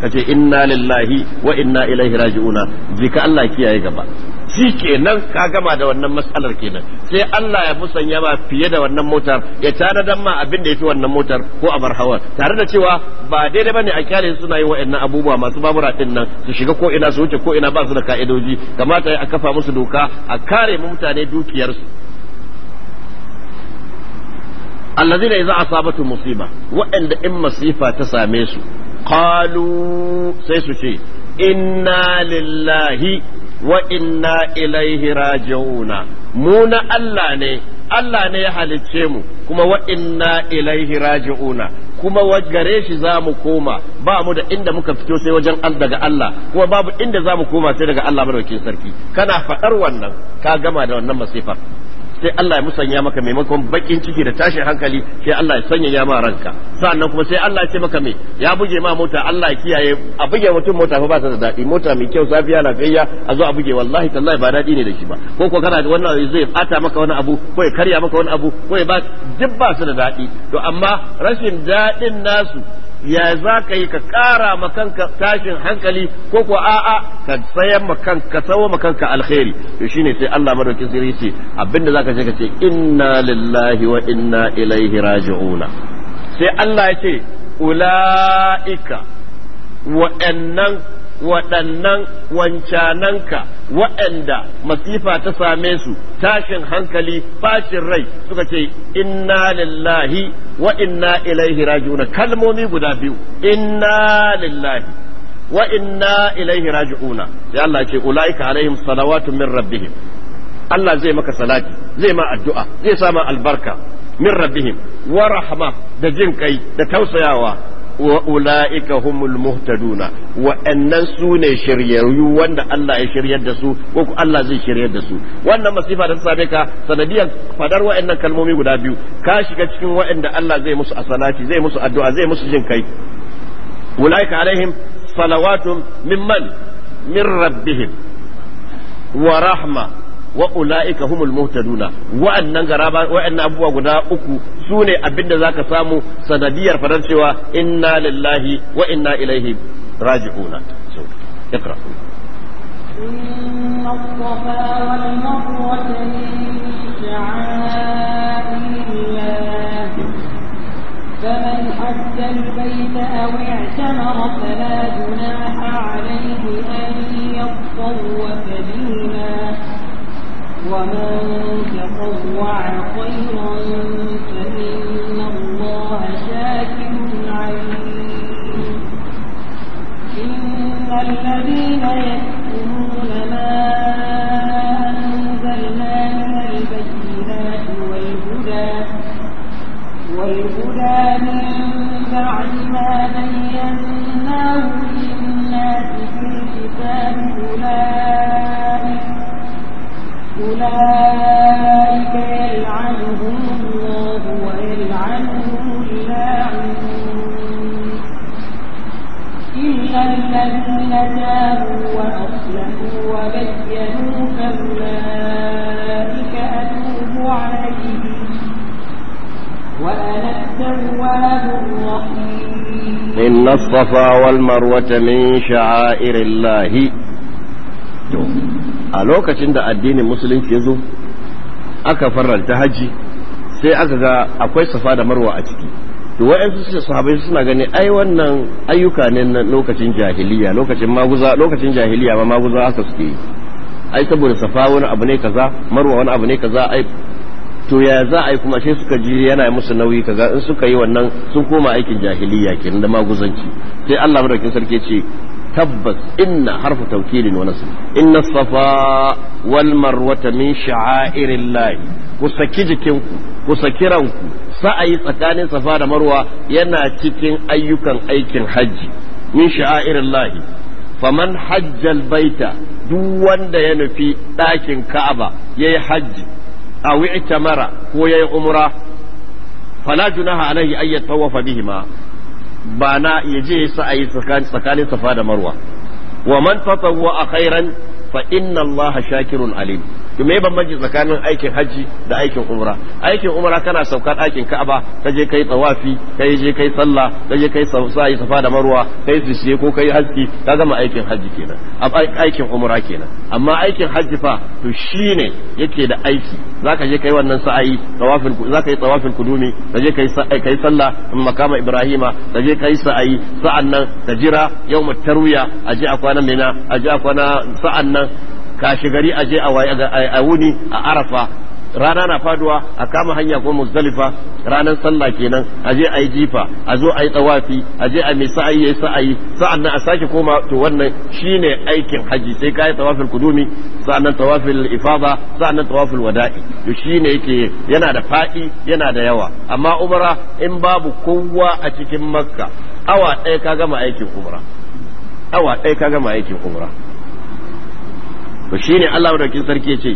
B: kace inna lillahi wa inna ilaihi raji'una jika Allah kiyaye gaba shi kenan ka gama da wannan matsalar kenan sai Allah ya musanya yaba fiye da wannan motar ya dan ma abin da ya fi wannan motar ko a hawa tare da cewa ba daidai bane a kyale suna yi wa'annan abubuwa masu babura din nan su shiga ko ina su wuce ko ina ba su da ka'idoji kamata a kafa musu doka a kare mutane dukiyarsu allazina idza asabatu musiba wa'anda in masifa ta same su qalu sai su ce inna lillahi wa inna ilaihi raji'una mu na Allah ne Allah ne ya halicce mu kuma wa inna ilaihi raji'una kuma gare shi za mu koma ba mu da inda muka fito sai wajen daga Allah kuma babu inda za mu koma sai daga Allah madaukakin sarki kana faɗar wannan ka gama da wannan masifar sai Allah ya musanya maka maimakon bakin ciki da tashin hankali sai Allah ya sanya ya ma ranka sannan kuma sai Allah ya ce maka me ya buge ma mota Allah ya kiyaye a buge mutum mota fa ba sa da daɗi mota mai kyau safiya lafiya a zo a buge wallahi tallahi ba dadi ne da shi ba ko ko kana da wannan zai fata maka wani abu ko ya karya maka wani abu ko ya ba duk su da daɗi to amma rashin daɗin nasu ya za ka yi ka ƙara makanka tashin hankali ko ko a'a ka sayan makanka sawo makanka alkhairi to shine sai Allah madaukin sirri ce abinda zaka ce ka ce inna lillahi wa inna ilaihi raji'una sai Allah ya ce ula'ika wa'annan waɗannan wancananka waɗanda masifa ta same su tashin hankali bacin rai suka ce inna lillahi wa inna ilaihi raji'una kalmomi guda biyu inna lillahi wa inna ilaihi raji'una sai Allah ce ulaika alaihim salawatu min rabbihim Allah zai maka salati zai ma addu'a zai sama albarka min rabbihim wa rahma da jin kai da tausayawa wa humul muhtaduna wa'annan su ne shiryayyu wanda Allah ya shiryar da su ko Allah zai shiryar da su wannan masifa da ta same ka sanadiyar fadar wa'annan kalmomi guda biyu ka shiga cikin wa'anda Allah zai musu asalati zai musu addu'a zai musu jin kai ula'ika alaihim salawatun mimman min rabbihim wa rahma wa ula'ika humul muhtaduna wa'annan garaba wa'annan abubuwa guda uku sune abinda zaka samu sanadiyar fadar cewa inna lillahi wa inna ilaihi raji'una so ikra inna safa wal
A: marwa فمن حج البيت أو اعتمر فلا جناح عليه أن يطوف بهما ومن تطوع خيرا فإن الله شاكر عليم
B: الصفا والمروة من شعائر الله a lokacin da addinin musulunci ya zo aka farranta hajji sai aka ga akwai safa da marwa a ciki to su sahabai suna gani ai wannan ayyuka ne na lokacin jahiliya lokacin maguza lokacin jahiliya ma maguza aka suke ai saboda safa wani abu ne kaza marwa wani abu ne kaza ai to ya za a yi kuma sai suka ji yana musu nauyi kaza in suka yi wannan sun koma aikin jahiliya kenan da maguzanci sai Allah madaukakin sarki ce tabbas inna harfu tawkilin wa nasb inna safa wal marwata min sha'airillahi ku saki jikinku ku saki ranku sa'ayi tsakanin safa da marwa yana cikin ayyukan aikin hajji min sha'airillahi faman hajjal baita duk wanda ya nufi ɗakin ka'aba yayi hajji aw i'tamara ko yayi umra fala junaha alaihi ay yatawafa bihima ba na yaje sa ayi tsakanin safa da marwa wa man a khairan fa inna allaha shakirun alim me bambanci tsakanin aikin haji da aikin umra aikin umra kana sauka ɗakin ka'aba ka je kai tsawafi ka je kai sallah ka je kai sa'i safa da marwa kai zishiye ko kai haski ka gama aikin haji kenan aikin umra kenan amma aikin haji fa to shine yake da aiki zaka je kai wannan sa'ayi tawafin zaka yi tawafin kudumi ka je kai eh, kai sallah in makama ibrahima ka je kai sa'ayi sa'annan ka jira yawmut tarwiya aje a kwana mina aje a kwana sa'annan kashi gari aje a wuni a arafa rana na faduwa a kama hanya ko muzdalifa ranar sallah kenan a je jifa a zo a yi tsawafi a je a mai sa'ayi ya yi sa'ayi sa'an nan a sake koma to wannan shine aikin haji sai ka yi tawafil kudumi sa'an nan tawafil ifada sa'an nan tawafil wada'i to shine yake yana da fadi yana da yawa amma umra in babu kowa a cikin makka awa ɗaya ka gama aikin umra awa ɗaya ka gama aikin umra to shine Allah madaukin sarki ce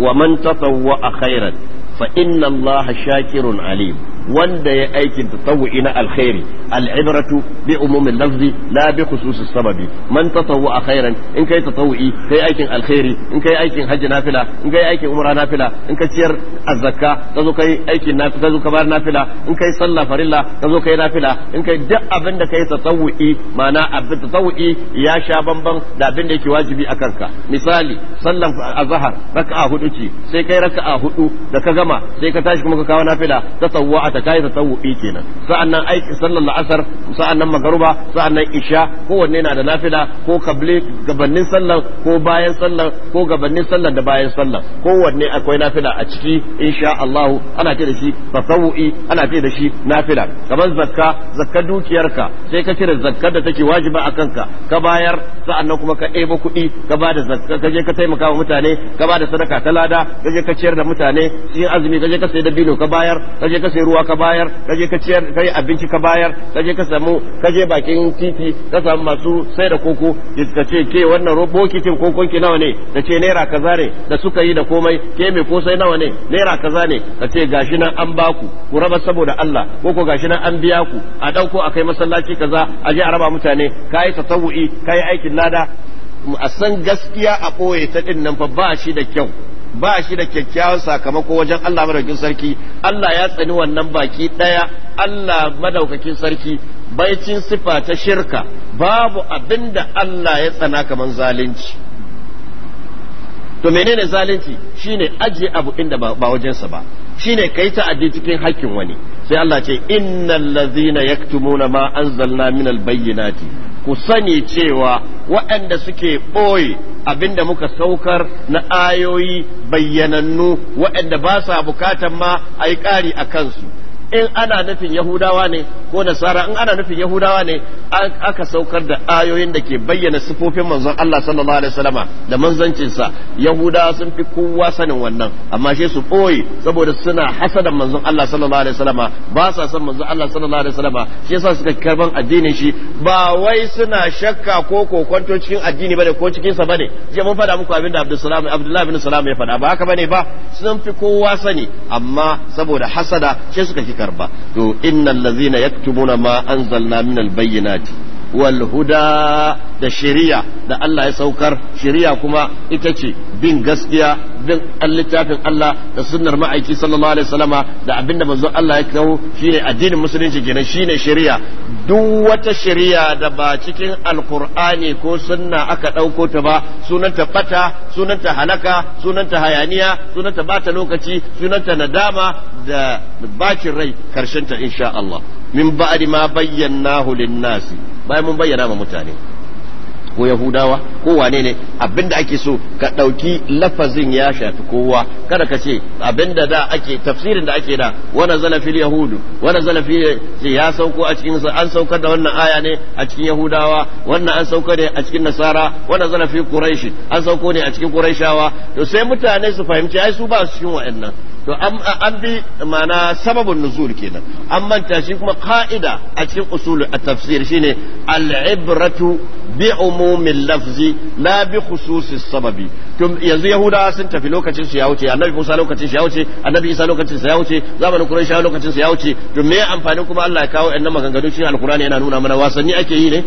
B: wa man a khairan fa inna Allah shakirun alim wanda ya aikin tatawu'i na alkhairi al'ibratu bi umumin lafzi la bi khususis sababi man tatawwa khairan in kai tatawu'i kai aikin alkhairi in kai aikin hajji nafila in kai aikin umra nafila in ka ciyar azzakka ka zo kai aikin nafila ka zo ka bar nafila in kai sallah farilla ka zo kai nafila in kai duk abin da kai tatawu'i ma'ana abin tatawu'i ya sha bamban da abin da yake wajibi a kanka misali sallan azhar raka'a hudu ce sai kai raka'a hudu da ka gama sai ka tashi kuma ka kawo nafila tatawwa kamata kai tasawufi kenan sa'annan aiki sallar la'asar sa'annan magaruba sa'annan isha kowanne na da nafila ko kable gabanin sallar ko bayan sallar ko gabanin sallar da bayan sallar kowanne akwai nafila a ciki insha Allah ana ce da shi tasawufi ana ce da shi nafila kamar zakka zakka dukiyarka sai ka cire zakka da take wajiba a kanka ka bayar sa'annan kuma ka ɗebo kuɗi ka ba da zakka ka je ka taimaka wa mutane ka ba da sadaka ta lada ka je ka ciyar da mutane cikin azumi ka je ka sayi da bino ka bayar ka je ka sai ruwa ka bayar ka je ka ciyar kai abinci ka bayar ka je ka samu ka je bakin titi ka samu masu sai da koko ka ce ke wannan bokitin kokon ki nawa ne da ce naira kaza ne da suka yi da komai ke me sai nawa ne naira kaza ne ka ce gashi nan an baku ku raba saboda Allah ko ko gashi nan an biya ku a dauko a kai masallaci kaza a je a raba mutane kai tasawu'i kai aikin lada a san gaskiya a ɓoye ta ɗin nan fa ba shi da kyau ba shi da kyakkyawan sakamako wajen Allah madaukakin sarki Allah ya tsani wannan baki ɗaya Allah madaukakin sarki baicin sifa ta shirka babu abinda Allah ya tsana kaman zalunci to menene zalunci shine aje abu inda ba wajensa ba shine kai ta ta'addi cikin hakkin wani sai Allah ce innal ladzina yaktumuna ma anzalna minal bayyinati ku sani cewa waɗanda suke ɓoye abinda muka saukar na ayoyi bayyanannu waɗanda ba sa bukatan ma a yi ƙari a kansu in ana nufin yahudawa ne ko nasara in ana nufin yahudawa ne aka saukar da ayoyin da ke bayyana sifofin manzon Allah sallallahu alaihi wasallama da manzancinsa yahudawa sun fi kowa sanin wannan amma shi su ɓoye saboda suna hasadan manzon Allah sallallahu alaihi wasallama ba sa son manzon Allah sallallahu alaihi wasallama shi yasa suka karban addinin shi ba wai suna shakka ko kokonto cikin addini bane ko cikin sa bane je mun faɗa muku abinda Abdulsalam Abdullahi bin Salam ya faɗa ba haka bane ba sun fi kowa sani amma saboda hasada shi suka kika karba to innal ladzina yaktubuna ma anzalna minal bayyinati Walhuda da shari'a da Allah ya saukar shari'a kuma ita ce bin gaskiya bin littafin Allah da sunnar ma'aiki sallallahu alaihi wasallama da abinda manzo Allah ya kawo shine addinin musulunci kenan shine shari'a duk wata shari'a da ba cikin alkur'ani ko sunna aka ɗauko ta ba sunanta fata sunanta halaka sunanta hayaniya sunanta bata lokaci sunanta nadama da bacin rai karshenta insha Allah min ba'di ma bayyanahu lin-nasi bayan mun bayyana ma mutane ko yahudawa ko wane ne abinda ake so ka ɗauki lafazin ya shafi kowa kada ka ce abinda da ake tafsirin da ake da wani zalafin yahudu wani zalafi ya sauko a cikin an saukar da wannan aya ne a cikin yahudawa wannan an saukar ne a cikin nasara wani zalafi quraishi an sauko ne a cikin quraishawa to sai mutane su fahimci ai su ba su cikin wa'annan to an bi mana sababin nuzul kenan an manta shi kuma ka'ida a cikin usul a tafsir shine al-ibratu bi umumin lafzi la bi khususis sababi to yanzu yahudawa sun tafi lokacin su ya wuce annabi Musa lokacin su ya wuce annabi Isa lokacin su ya wuce zamanin Quraysh lokacin su ya wuce to me amfanin kuma Allah ya kawo annan maganganu shi al'kurani yana nuna mana wasanni ake yi ne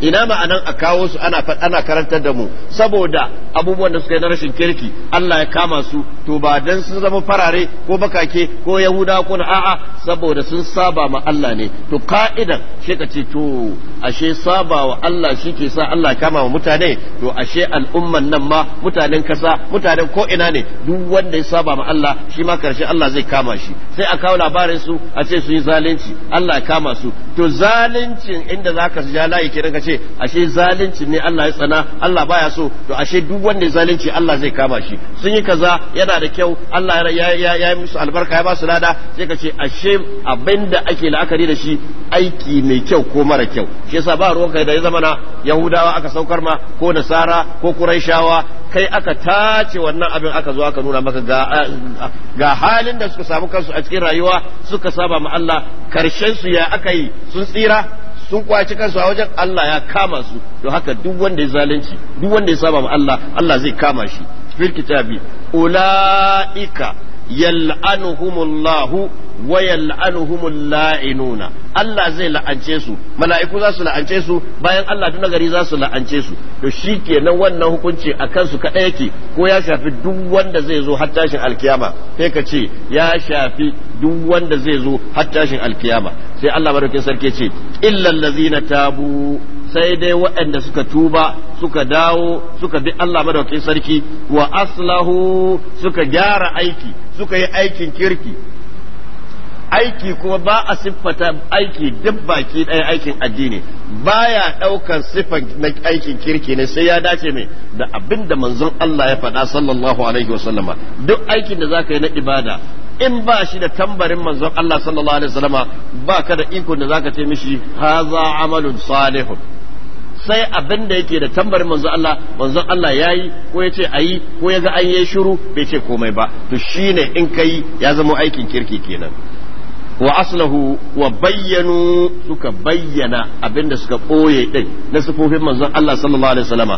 B: ina ma'anan a kawo su ana ana karantar da mu saboda abubuwan da suka yi na rashin kirki Allah ya kama su to ba dan sun zama farare ko bakake ko yahuda ko na a'a saboda sun saba ma Allah ne to ka'idan shi ka ce to ashe saba wa Allah shi ke sa Allah ya kama wa mutane to ashe al'umman nan ma mutanen kasa mutanen ko ina ne duk wanda ya saba ma Allah shi ma karshe Allah zai kama shi sai a kawo labarin su a ce su yi zalunci Allah ya kama su to zaluncin inda zaka ji layi ke ka ce ashe zalunci ne Allah ya tsana Allah baya so to ashe duk wanda zalunci Allah zai kama shi sun yi kaza yana da kyau Allah ya ya musu albarka ya ba su lada sai ka ce ashe abinda ake la'akari da shi aiki mai kyau ko mara kyau shi yasa ba ruwan kai da ya zama na Yahudawa aka saukar ma ko Nasara ko Quraishawa kai aka tace wannan abin aka zo aka nuna maka ga halin da suka samu kansu a cikin rayuwa suka saba ma Allah karshen su ya aka yi sun tsira sun kwaci kansu a wajen Allah ya kama su don haka duk wanda ya zalunci duk wanda ya saba ma Allah Allah zai kama shi fil kitabi ulaika yal'anuhumullahu wa yal'anuhumul la'inuna Allah zai la'ance su mala'iku za su la'ance su bayan Allah duk nagari za su la'ance su to shikenan wannan hukunci a kansu kaɗai yake ko ya shafi duk wanda zai zo har tashin alkiyama sai ka ce ya shafi duk wanda zai zo har tashin alkiyama sai Allah madaukakin sarki ce illal ladzina tabu sai dai waɗanda suka tuba suka dawo suka bi Allah madaukakin sarki wa aslahu suka gyara aiki suka yi aikin kirki aiki kuma ba a siffata aiki duk baki ɗaya aikin addini baya ɗaukar siffan na aikin kirki ne sai ya dace mai da abin da manzon Allah ya faɗa sallallahu alaihi wasallama duk aikin da zaka yi na ibada in ba shi da tambarin manzon Allah sallallahu alaihi wasallama ba ka da ikon da zaka ce mishi haza amalun salihun sai abin da yake da tambarin manzo Allah manzo Allah yayi ko yace ayi ko yaga an yi shiru bai ce komai ba to shine in kai ya zama aikin kirki kenan wa aslahu wa bayyanu suka bayyana abinda suka ɓoye ɗin na sifofin manzo Allah sallallahu alaihi wasallama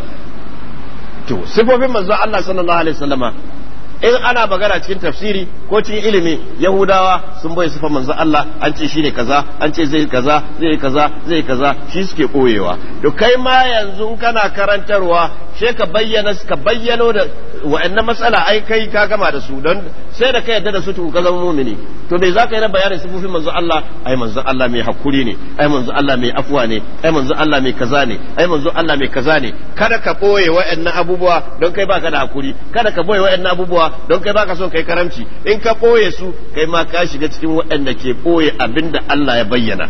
B: to sifofin manzo Allah sallallahu alaihi wasallama in ana magana cikin tafsiri ko cikin ilimi yahudawa sun bai sufa manzo Allah an ce shine kaza an ce zai kaza zai kaza zai kaza shi suke koyewa to kai ma yanzu kana karantarwa she ka bayyana ka bayyano da wa'annan matsala ai kai ka gama da su don sai da ka yarda da su to ka zama mumini to me za ka yi na bayanin sifofin manzo Allah ai manzo Allah mai hakuri ne ai manzo Allah mai afuwa ne ai manzo Allah mai kaza ne ai manzo Allah mai kaza ne kada ka boye wa'annan abubuwa don kai baka da hakuri kada ka boye wa'annan abubuwa don kai baka so kai karamci in ka ɓoye su kai ma ka shiga cikin waɗanda ke abin abinda Allah ya bayyana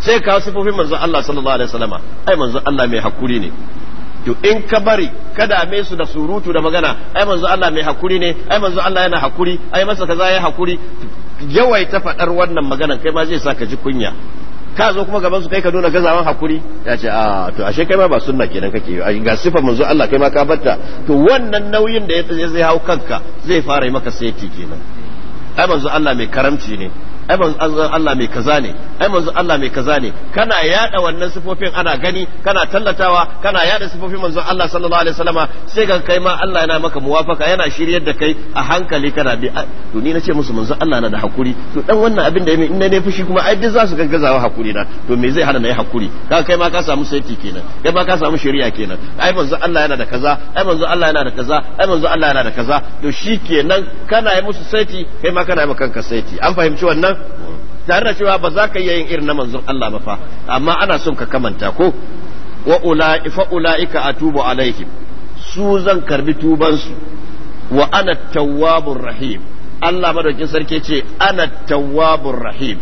B: sai ka sifofin manzo Allah sallallahu alaihi wasallama ai manzo Allah mai hakuri ne to in ka bari ka dame su da surutu da magana ai manzo Allah mai hakuri ne ai manzo Allah yana hakuri ai masa kaza ya hakuri yawaita faɗar wannan magana kai ma zai sa ka ji kunya ka zo kuma gaban su kai ka nuna gazawan hakuri ya ce a ah, to ashe kai ma ba sunna kenan kake yi ga sifar manzo Allah kai ma ka batta to wannan nauyin da ya zai hau kanka zai fara yi maka seti kenan ai manzo Allah mai karamci ne ai manzon Allah mai kaza ne ai manzon Allah mai kaza ne kana yada wannan sifofin ana gani kana tallatawa kana yada sifofin manzon Allah sallallahu alaihi wasallama sai ga kai ma Allah yana maka muwafaka yana shiryar da kai a hankali kana bi to ni nace musu manzon Allah na da hakuri to dan wannan abin da yayi in ne fushi kuma ai duk za su gaggazawa hakuri na to me zai hana na yi hakuri kaga kai ma ka samu saiti kenan kai ma ka samu shari'a kenan ai manzon Allah yana da kaza ai manzon Allah yana da kaza ai manzon Allah yana da kaza to shikenan kana yi musu saiti kai ma kana yi maka kanka saiti an fahimci wannan tare da cewa ba za ka iya yin irin na manzon Allah ba fa amma ana son ka kamanta ko wa ula'i fa ula'ika atubu alaihim su zan karbi tubansu wa ana tawwabur rahim Allah madaukin sarki ce ana tawwabur rahim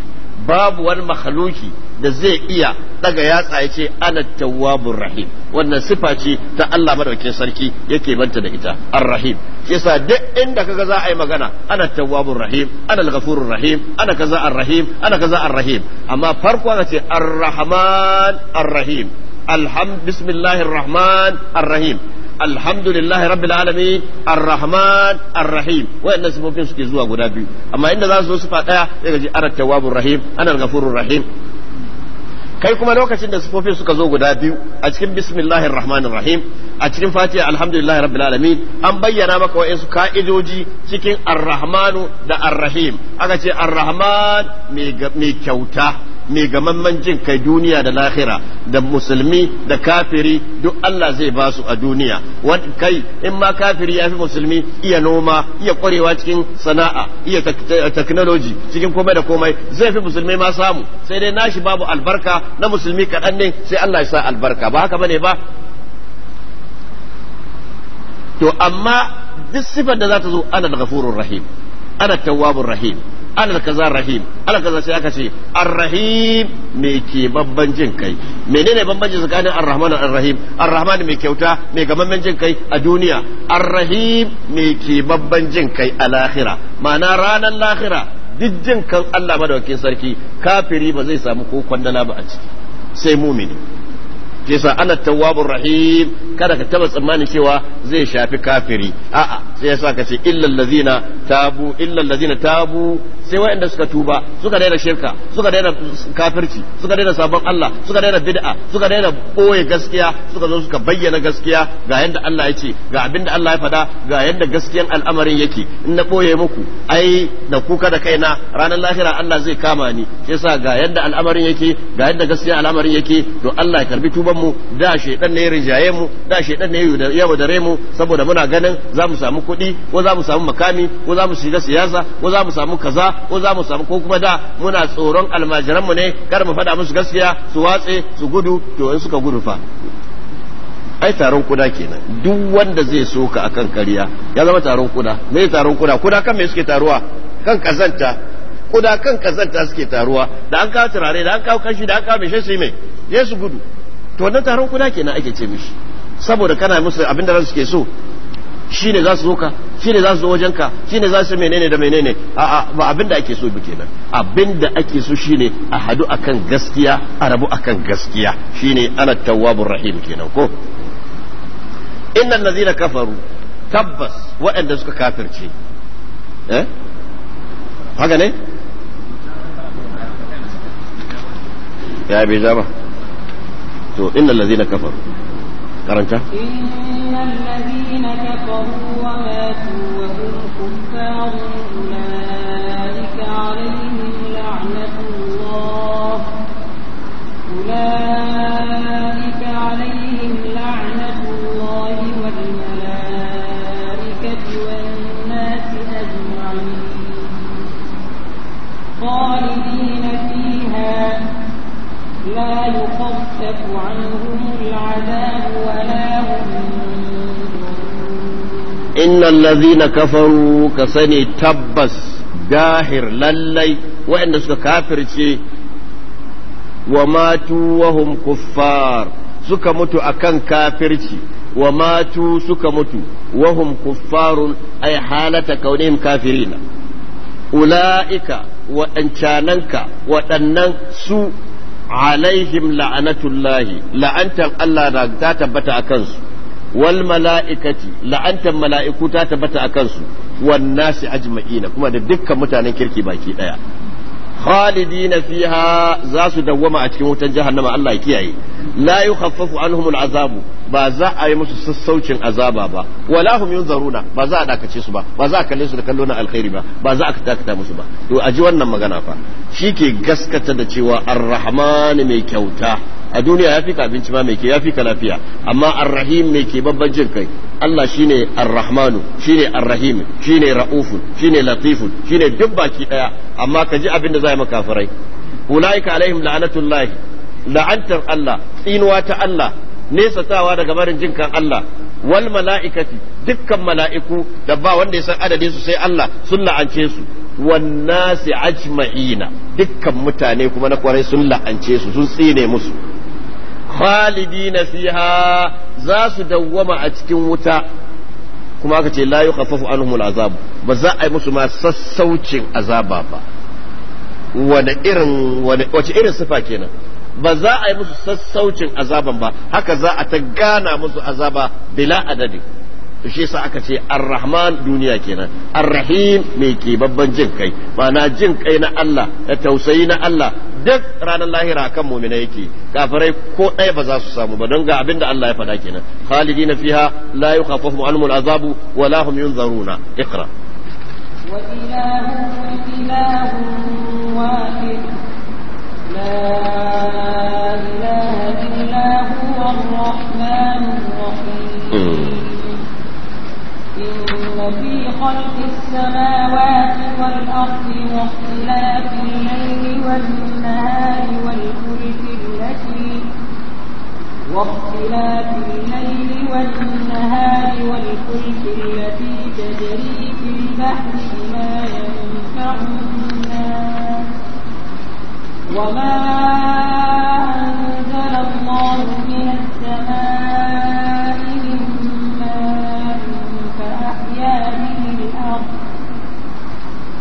B: babu wani makhaluki da zai iya daga yatsa ya ce ana tawwabur rahim wannan sifa ce ta Allah madaukakin sarki yake banta da ita ar-rahim yasa duk inda kaga za a yi magana ana tawwabur rahim ana al-ghafurur rahim ana kaza ar-rahim ana kaza ar-rahim amma farko ka ce ar-rahman ar-rahim alhamd bismillahir rahman ar-rahim الحمد لله رب العالمين الرحمن الرحيم sifofin suke zuwa guda biyu amma inda za su zo sifa daya sai ka ji ana tawwabur rahim rahim kai kuma lokacin da sifofin suka zo guda biyu a cikin bismillahir rahmanir rahim a cikin fatiha alhamdulillahi rabbil alamin an bayyana maka wa'insu ka'idoji cikin arrahmanu da arrahim aka ce arrahman mai kyauta mai gamamman jin kai duniya da lahira da musulmi da kafiri duk Allah zai ba su a duniya wani kai in ma kafiri ya fi musulmi iya noma iya kwarewa cikin sana'a iya technology cikin komai da komai zai fi musulmi ma samu sai dai nashi babu albarka na musulmi kaɗan ne sai Allah ya sa albarka ba haka bane ba to amma duk sifar da za ta zo ana al-ghafurur rahim ana tawwabur rahim alal kaza rahim alal kaza sai aka ce arrahim me ke babbancin kai menene bambanci tsakanin arrahman da arrahim arrahman mai kyauta mai gamammen jin kai a duniya arrahim me ke babbancin kai a lahira ma'ana ranar lahira duk kan Allah madawakin sarki kafiri ba zai samu ko kwandala ba a ciki sai mumini shi ana tawwabur rahim kada ka taba tsammanin cewa zai shafi kafiri a'a sai yasa ka ce illal ladzina tabu illal ladzina tabu sai waɗanda suka tuba suka daina shirka suka daina kafirci suka daina sabon Allah suka daina bid'a suka daina boye gaskiya suka zo suka bayyana gaskiya ga yanda Allah ya ce ga abinda Allah ya faɗa ga yanda gaskiyan al'amarin yake in na boye muku ai da kuka da kaina ranar lahira Allah zai kama ni sai yasa ga yanda al'amarin yake ga yanda gaskiyan al'amarin yake to Allah ya karbi tuban mu da shedan ne ya rinjaye mu da shedan ne ya wadare mu saboda muna ganin za mu samu kuɗi ko za mu samu makami ko za mu shiga siyasa ko za mu samu kaza ko za mu samu ko kuma da muna tsoron almajiran mu ne kar mu faɗa musu gaskiya su watse su gudu to in suka gudu fa ai taron kuda kenan duk wanda zai so ka akan ƙarya ya zama taron kuda me taron kuda kuda kan me suke taruwa kan kazanta kuda kan kazanta suke taruwa da an kawo turare da an kawo kashi da an kawo shi su yi mai yesu gudu to wannan taron kuna kenan ake ce mishi saboda kana musu abin da ransu ke so shine za su zo ka shine za su zo wajenka shine za su menene da menene a'a ba abin da ake so ba kenan abin da ake so shine a hadu akan gaskiya a rabu akan gaskiya shine ana tawwabur rahim kenan ko innal ladina kafaru tabbas waɗanda suka kafirce eh haka ne ya bai zama تو ان الذين كفروا كرنتا
A: ان الذين كفروا وماتوا وهم كفار اولئك عليهم لعنه الله اولئك عليهم لعنه الله والملائكه والناس اجمعين
B: خالدين فيها
A: لا lazina عنهم العذاب
B: sani tabbas gahir lallai كفروا كسني تبس جاهر للي وإن suka mutu akan kafirci wa matu suka mutu wahum kuffarun ay halata kaunihim kafirina ula'ika waɗancananka waɗannan su alaihim la'anatullahi la'antan Allah ta tabbata a kansu wal mala'ikati mala'iku ta tabbata a kansu wan nasi ajma'ina kuma da dukkan mutanen kirki baki daya khalidina fiha za su dawwama a cikin wutan jahannama Allah ya kiyaye la yukhaffafu anhum al'azabu ba za a yi musu sassaucin azaba ba wala hum yunzaruna ba za a dakace su ba ba za a kalle su da kallo na alkhairi ba ba za a dakata musu ba to a ji wannan magana fa shike gaskata da cewa arrahman mai kyauta a duniya ya fi ka abinci ma mai ke ya fi ka lafiya amma arrahim mai ke babban jin kai Allah shine arrahmanu shine arrahim shine ra'ufun shine latifun shine duk baki daya amma ka ji abin da zai maka farai ulaika alaihim la'anatullahi la'antar Allah tsinuwa ta Allah Nesa nesatawa daga barin jin kan Allah wal mala'ikati dukkan mala'iku da ba wanda ya san adadin su sai Allah sun la'ance su wan nasi ajma'ina dukkan mutane kuma na kwarai sun la'ance su sun tsine musu khalidina fiha za su dawwama a cikin wuta kuma aka ce la yukhaffafu anhum azab ba za a yi musu ma sassaucin azaba ba wani irin wani wace irin sifa kenan ba za a yi musu sassaucin azaban ba haka za a ta gana musu azaba bila adadi shi sa aka ce ar duniya kenan arrahim mai ke babban jin kai ma'ana jin kai na Allah da tausayi na Allah duk ranar lahira kan mumina yake kafirai ko ɗaya ba za su samu ba don ga abin da Allah ya faɗa kenan khalidina fiha la yukhafafu anhum azabu wa la hum yunzaruna iqra
A: wa ilahum ilahun wahid لا إله إلا هو الرحمن الرحيم إن في خلق السماوات والأرض واختلاف الليل والنهار والفلك التي واختلاف الليل والنهار والفلك التي تجري في البحر بما ينفع وما أنزل الله من السماء من ماء فأحيا به الأرض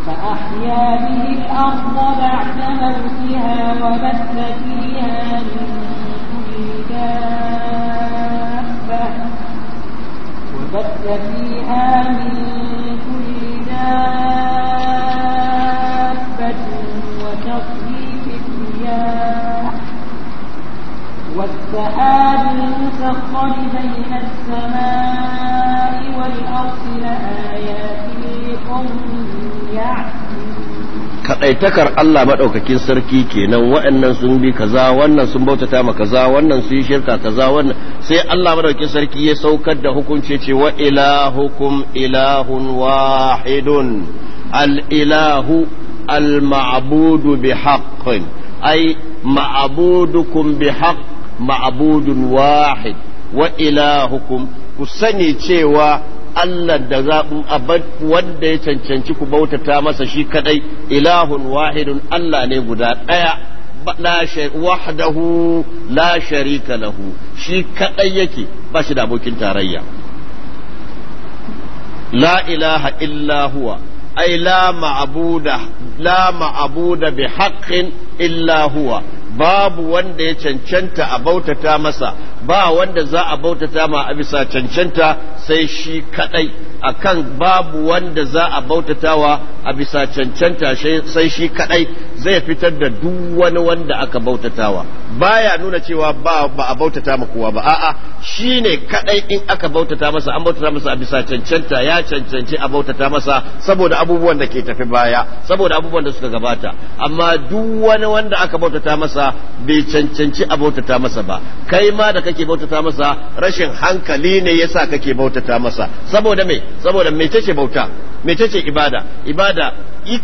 A: فأحيا به الأرض بعد موتها وبث فيها من كل دابة وبث فيها من كل دابة والسحاب المسخر بين السماء والأرض لآيات لقوم
B: kaɗaitakar Allah maɗaukakin sarki kenan wa'annan sun bi kaza wannan sun bautata ma kaza wannan sun yi shirka kaza wannan sai Allah maɗaukakin sarki ya saukar da hukunci ce wa ilahukum ilahun wahidun al-ilahu al-ma'budu bi haqqin ay ma'budukum bi haqqin ma'budun wahid wa ilahukum ku sani cewa Allah da zaɓin wanda ya cancanci ku bautata masa shi kadai ilahun wahidun Allah ne guda ɗaya wahdahu la sharika lahu shi kadai yake ba shi da abokin tarayya la ilaha illa huwa ai la ma'abuda la ma'abuda bi haqqin illa huwa babu wanda ya cancanta a bautata masa ba wanda za a bautata ma a bisa cancanta sai shi kadai akan babu wanda za a bautatawa a bisa cancanta sai shi kadai zai fitar da duk wani wanda aka bautatawa baya nuna cewa ba ba a bautata ma kowa ba a'a shine kadai in aka bautata masa an bautata masa a bisa cancanta ya cancanci a bautata masa saboda abubuwan da ke tafi baya saboda abubuwan da suka gabata amma duk wani wanda aka bautata masa bai cancanci a bautata masa ba kai ma da kake bautata masa rashin hankali ne yasa kake bautata masa saboda me saboda mecece bauta mecece ibada ibada i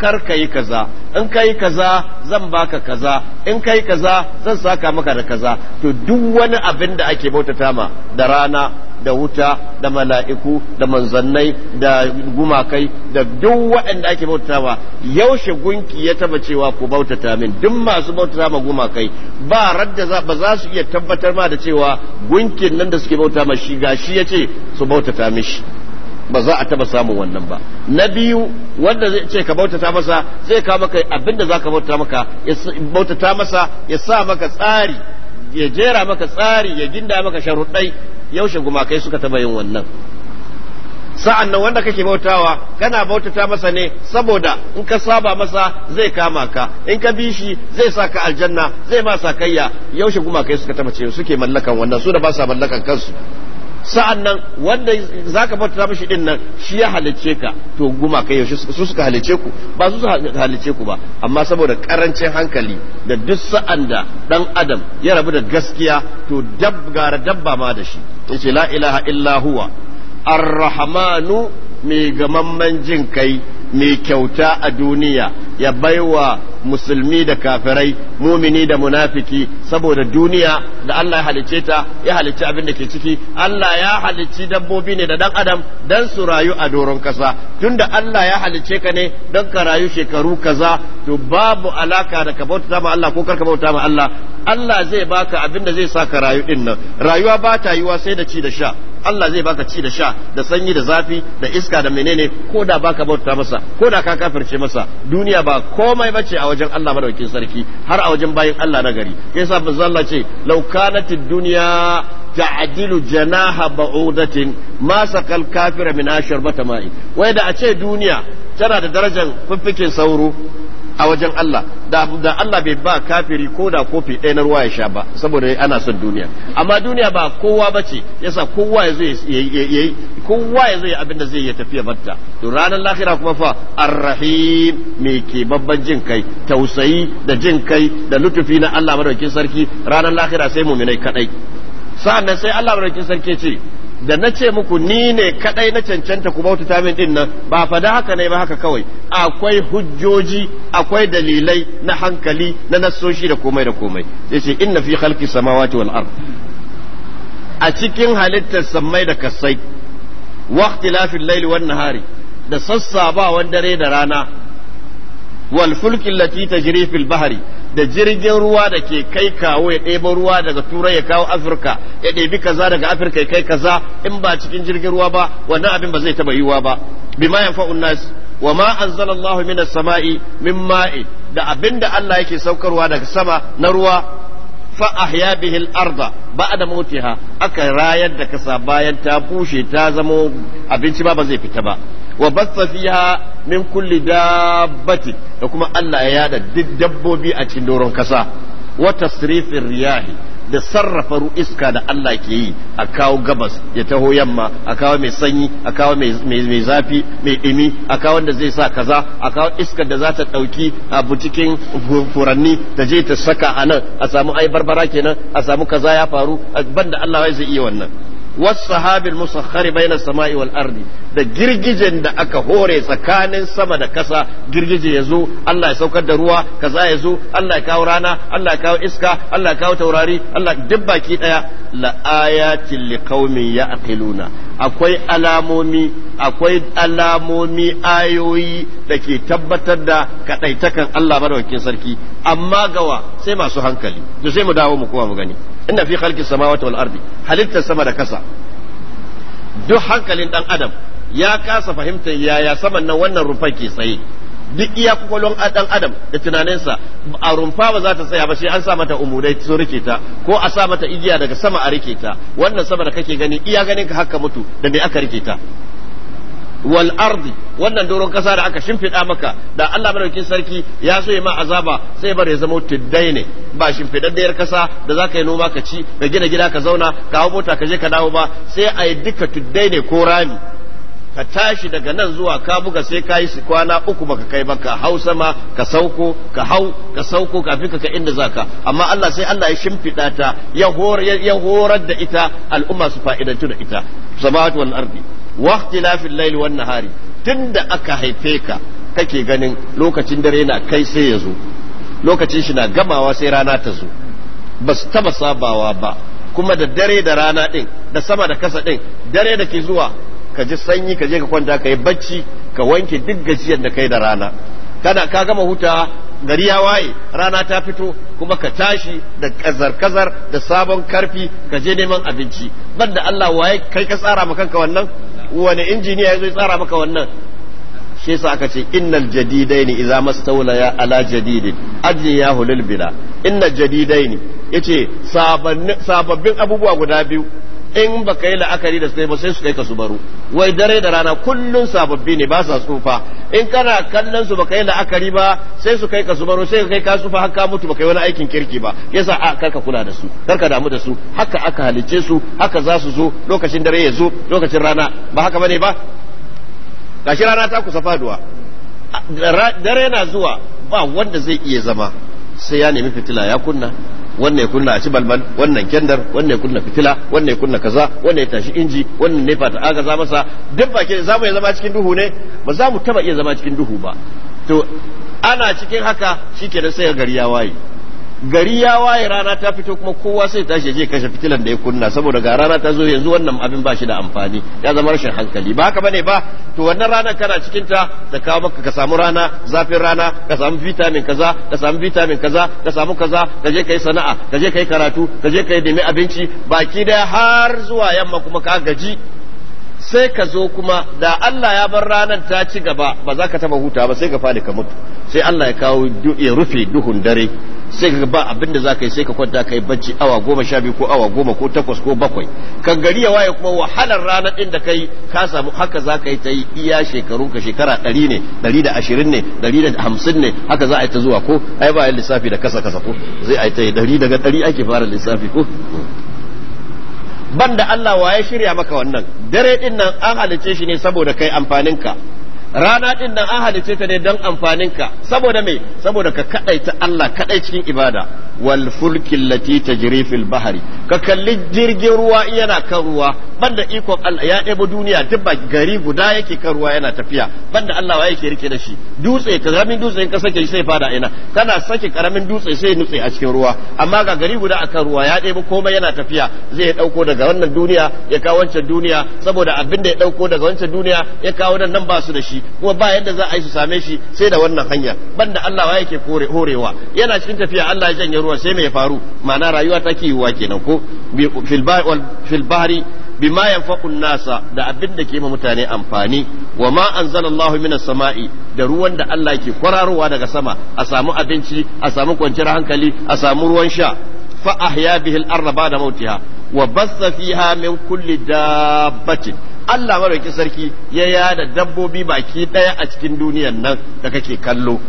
B: kar ka yi kaza in ka yi kaza zan baka kaza in ka yi kaza zan saka maka da kaza to duk wani abin da ake bautata ma da rana da wuta da mala'iku da manzannai da gumakai da duk waɗanda ake ma yaushe gunki ya taba cewa ku bautata min duk masu bautata ma gumakai ba radda ba za su iya tabbatar ma da cewa gunkin nan da suke bauta ma shi gashi yace su bautata mishi ba za a taba samun wannan ba na biyu wanda zai ce ka bautata masa zai kawo maka abinda za ka bautata maka bautata masa ya sa maka tsari ya jera maka tsari ya ginda maka sharuɗai yaushe gumakai suka taba yin wannan sa'an nan wanda kake bautawa kana bautata masa ne saboda in ka saba masa zai kama ka in ka bi shi zai sa ka aljanna zai ma sa kayya yaushe gumakai suka taba ce suke mallakan wannan su da ba sa mallakan kansu sa'an nan wanda za ka bauta mashi din nan shi ya halicce ka to guma kai yaushe su suka halicce ku ba su halicce ku ba amma saboda karancin hankali da duk sa'an da ɗan adam ya rabu da gaskiya to dab gara dabba ma da shi yace la ilaha illa huwa arrahmanu mai gamamman jin kai mai kyauta a duniya ya baiwa musulmi da kafirai mumini da munafiki saboda duniya da Allah ya halicce ta ya halice abin da ke ciki Allah ya halicci dabbobi ne da dan adam dan su rayu a doron kasa tunda Allah ya halicce ka ne don ka rayu shekaru kaza to babu alaka da ka bauta ma Allah ko karka bauta ma Allah Allah zai baka abin da zai sa ka rayu din nan rayuwa ba ta yiwa sai da ci da sha Allah zai baka ci da sha da sanyi da zafi da iska da menene ko da baka bauta masa masa ko da ka kafirce masa duniya ba komai bace a wajen Allah madaukin sarki har a wajen bayin Allah na gari kai sa manzo Allah ce law kanatid dunya ta'dilu janaha ba'udatin ma sakal kafira min asharbata ma'i wai da a ce duniya tana da darajar fiffikin sauro a wajen Allah da da Allah bai ba kafiri ko da kofi ɗaya na ruwa ya sha ba saboda ana son duniya amma duniya ba kowa bace yasa kowa ya kowa yazo ya abinda zai ya tafiya batta to ranar lahira kuma fa arrahim me ke babban jin kai tausayi da jin kai da lutufi na Allah madaukin sarki ranar lahira sai mu'minai kadai sa'annan sai Allah madaukin sarki ce da na ce muku ni ne kadai na cancanta ku bauta min din nan ba fa da haka ne ba haka kawai akwai hujjoji akwai dalilai na hankali na nassoshi da komai da komai sai ce inna fi khalqi samawati wal ard a cikin halittar sammai da kasai waqtilafil layli wan nahari da sassabawan dare da rana wal fulki allati tajri fil bahri da jirgin ruwa da ke kai kawo ya ɗebo ruwa daga turai ya kawo afirka ya ɗebi kaza daga afirka ya kai kaza in ba cikin jirgin ruwa ba wannan abin ba zai taɓa yiwuwa ba bima fa'un nas wa ma min as sama'i min ma'i da abin da Allah yake saukarwa daga sama na ruwa fa ahya bihi al da ba'da mautiha aka rayar da kasa bayan ta bushe ta zamo abinci ba ba zai fita ba wa batsa fiha min kulli dabbati da kuma Allah ya yada duk dabbobi a cikin doron kasa wa tasrifir riyahi da sarrafa iska da Allah ke yi a kawo gabas ya taho yamma a kawo mai sanyi a kawo mai zafi mai ɗumi a kawo wanda zai sa kaza a kawo iska da za ta ɗauki a butikin furanni ta je ta saka a nan a samu ai barbara kenan a samu kaza ya faru banda Allah zai iya wannan والصحاب المسخر بين السماء samai wal arzi da girgijen da aka hore tsakanin sama da kasa girgije yazo Allah ya saukar da ruwa kaza yazo Allah ya kawo rana Allah ya kawo iska Allah ya kawo taurari Allah duk baki daya la ayatin liqaumin ya'qiluna akwai alamomi akwai alamomi ayoyi da ke tabbatar da kadaitakan Allah madaukakin sarki amma gawa sai masu hankali to sai mu dawo mu kuma mu gani inna fi khalqi samawati wal ardi halittar sama da kasa duk hankalin dan adam ya kasa fahimtar yaya saman nan wannan rumfa ke tsaye duk iya kwakwalwar dan adam da tunaninsa a rumfa ba za ta tsaya ba sai an sa mata umurai su rike ta ko a sa mata igiya daga sama a rike ta wannan sama da kake gani iya ganin ka haka mutu da me aka rike ta wal ardi wannan doron kasa da aka shimfiɗa maka da Allah madaukakin sarki ya so ya ma azaba sai bare zama tuddai ne ba shimfiɗaɗɗiyar kasa da za ka yi noma ka ci ka gina gida ka zauna ka hau mota ka je ka dawo ba sai a duka tuddai ne ko rami ka tashi daga nan zuwa ka buga sai ka yi su kwana uku baka kai ba ka hau ka sauko ka hau ka sauko kafin ka inda zaka amma Allah sai Allah ya shimfiɗa ta ya horar da ita al'umma su fa'idantu da ita samawati wal ardi lafin ikhtilafil wannan hari nahari da aka haife ka kake ganin lokacin dare na kai sai ya zo lokacin shi na gamawa sai rana ta zo ba su taba sabawa ba kuma da dare da rana din da sama da kasa din dare da ke zuwa ka ji sanyi ka je ka kwanta ka yi bacci ka wanke duk gajiyar da kai da rana kana ka gama huta gari ya waye rana ta fito kuma ka tashi da kazar-kazar da sabon karfi ka je neman abinci banda Allah waye kai ka tsara ma kanka wannan wani injiniya ya zo tsara maka wannan shi yasa aka ce innal jadidaini idza ya ala jadidin ya hulul bila innal jadidaini yace sababbin abubuwa guda biyu in ba yi la'akari da su ba sai su kai ka su baro wai dare da rana kullun sababbi ne ba sa tsufa in kana kallon su ba yi la'akari ba sai su kai ka su baro sai kai ka su fa ka mutu ba kai wani aikin kirki ba yasa a karka kula da su karka damu da su haka aka halicce su haka za su zo lokacin dare ya zo lokacin rana ba haka bane ba gashi rana ta kusa faduwa dare na zuwa ba wanda zai iya zama sai ya nemi fitila ya kunna wannan ya kunna a ci balbal wannan kyandar wannan ya kunna fitila wannan ya kunna kaza wannan ya tashi inji wannan ne fata aga za masa duk ba ke za mu zama cikin duhu ne ba za mu taba iya zama cikin duhu ba to ana cikin haka shi shikenan sai gari ya waye gari ya waye rana ta fito kuma kowa sai tashi je kashe fitilan da ya kunna saboda ga rana ta zo yanzu wannan abin ba shi da amfani ya zama rashin hankali ba haka bane ba to wannan ranar kana cikin ta da kawo maka ka samu rana zafin rana ka samu vitamin kaza ka samu vitamin kaza ka samu kaza ka je kai sana'a ka je kai karatu ka je kai nemi abinci baki da har zuwa yamma kuma ka gaji sai ka zo kuma da Allah ya bar ranar ta ci gaba ba za ka taba huta ba sai ka fadi ka mutu sai Allah ya kawo ya rufe duhun dare sai ka ba abin da za ka yi sai ka kwanta ka yi bacci awa goma sha biyu ko awa goma ko takwas ko bakwai kan gari ya waye kuma wahalar ranar ɗin da kai ka samu haka za ka yi ta yi iya shekarun ka shekara ɗari ne ɗari da ashirin ne ɗari da hamsin ne haka za a yi ta zuwa ko ai ba lissafi da kasa kasa ko zai a yi ta yi ɗari daga ɗari ake fara lissafi ko banda Allah wa ya shirya maka wannan dare din nan an halice shi ne saboda kai amfaninka rana din nan an halice ta ne don amfanin ka saboda me saboda ka kadaita Allah kadai cikin ibada wal fulkin lati tajri fil bahri ka kalli jirgin ruwa yana kan ruwa banda iko Allah ya ɗebo duniya duk ba gari guda yake kan ruwa yana tafiya banda Allah wa yake rike da shi dutse karamin dutse in ka sake sai fada ina kana sake karamin dutse sai nutse a cikin ruwa amma ga gari guda akan ruwa ya ɗebo komai yana tafiya zai ɗauko daga wannan duniya ya kawo wancan duniya saboda abin da ya ɗauko daga wancan duniya ya kawo nan ba su da shi shi kuma ba yadda za a yi su same shi sai da wannan hanya banda Allah wa yake kore horewa yana cikin tafiya Allah ya janye ruwa sai me ya faru ma'ana rayuwa take yiwuwa kenan ko fil bahri bima yanfaqun nasa da abin da ke ma mutane amfani wa ma anzalallahu minas sama'i da ruwan da Allah ke kwararowa daga sama a samu abinci a samu kwanciyar hankali a samu ruwan sha fa ahya bihi al-ardh ba'da mautiha wa bassa fiha min kulli dabbatin Allah maraukin sarki ya yada dabbobi baki ɗaya a cikin duniyan nan da kake kallo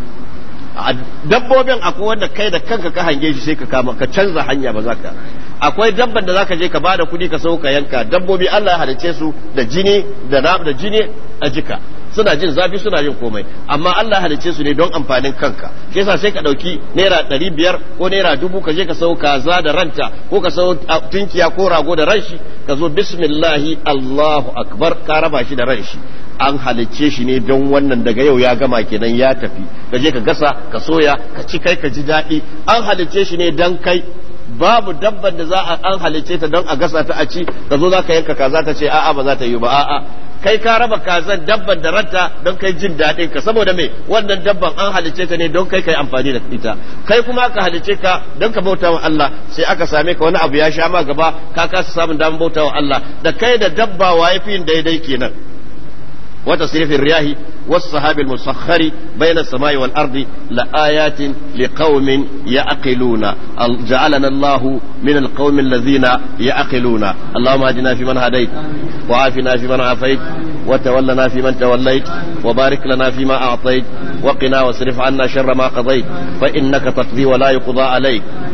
B: dabbobin akwai wanda kai da kanka ka hange shi sai ka kama ka canza hanya ba za ka akwai dabban da zaka je ka bada kuɗi ka sauka ka yanka dabbobi Allah ya halice su da jini da jini a jika suna jin zafi suna jin komai amma Allah halice su ne don amfanin kanka shi yasa sai ka dauki naira ɗari biyar ko naira dubu ka je ka sau kaza da ranta ko ka sau tunkiya ko rago da ranshi ka zo bismillahi Allahu akbar ka raba shi da ranshi an halicce shi ne don wannan daga yau ya gama kenan ya tafi ka je ka gasa ka soya ka ci kai ka ji daɗi an halicce shi ne don kai babu dabban da za a an halicce ta don a gasa ta a ci ka zo za ka yanka kaza ta ce a'a ba za ta yi ba a'a kai ka raba kazan dabban da ranta don kai jin daɗin ka saboda me wannan dabban an halice ka ne don kai kai amfani da ita kai kuma ka halice ka don ka bauta wa Allah sai aka same ka wani abu ya sha ma gaba ka kasa samun damar bauta wa Allah da kai da dabba waye yafi yin daidai kenan وتصريف الرياح والصحاب المسخر بين السماء والأرض لآيات لقوم يعقلون جعلنا الله من القوم الذين يعقلون اللهم اهدنا فيمن هديت وعافنا فيمن عافيت وتولنا فيمن توليت وبارك لنا فيما أعطيت وقنا واصرف عنا شر ما قضيت فإنك تقضي ولا يقضى عليك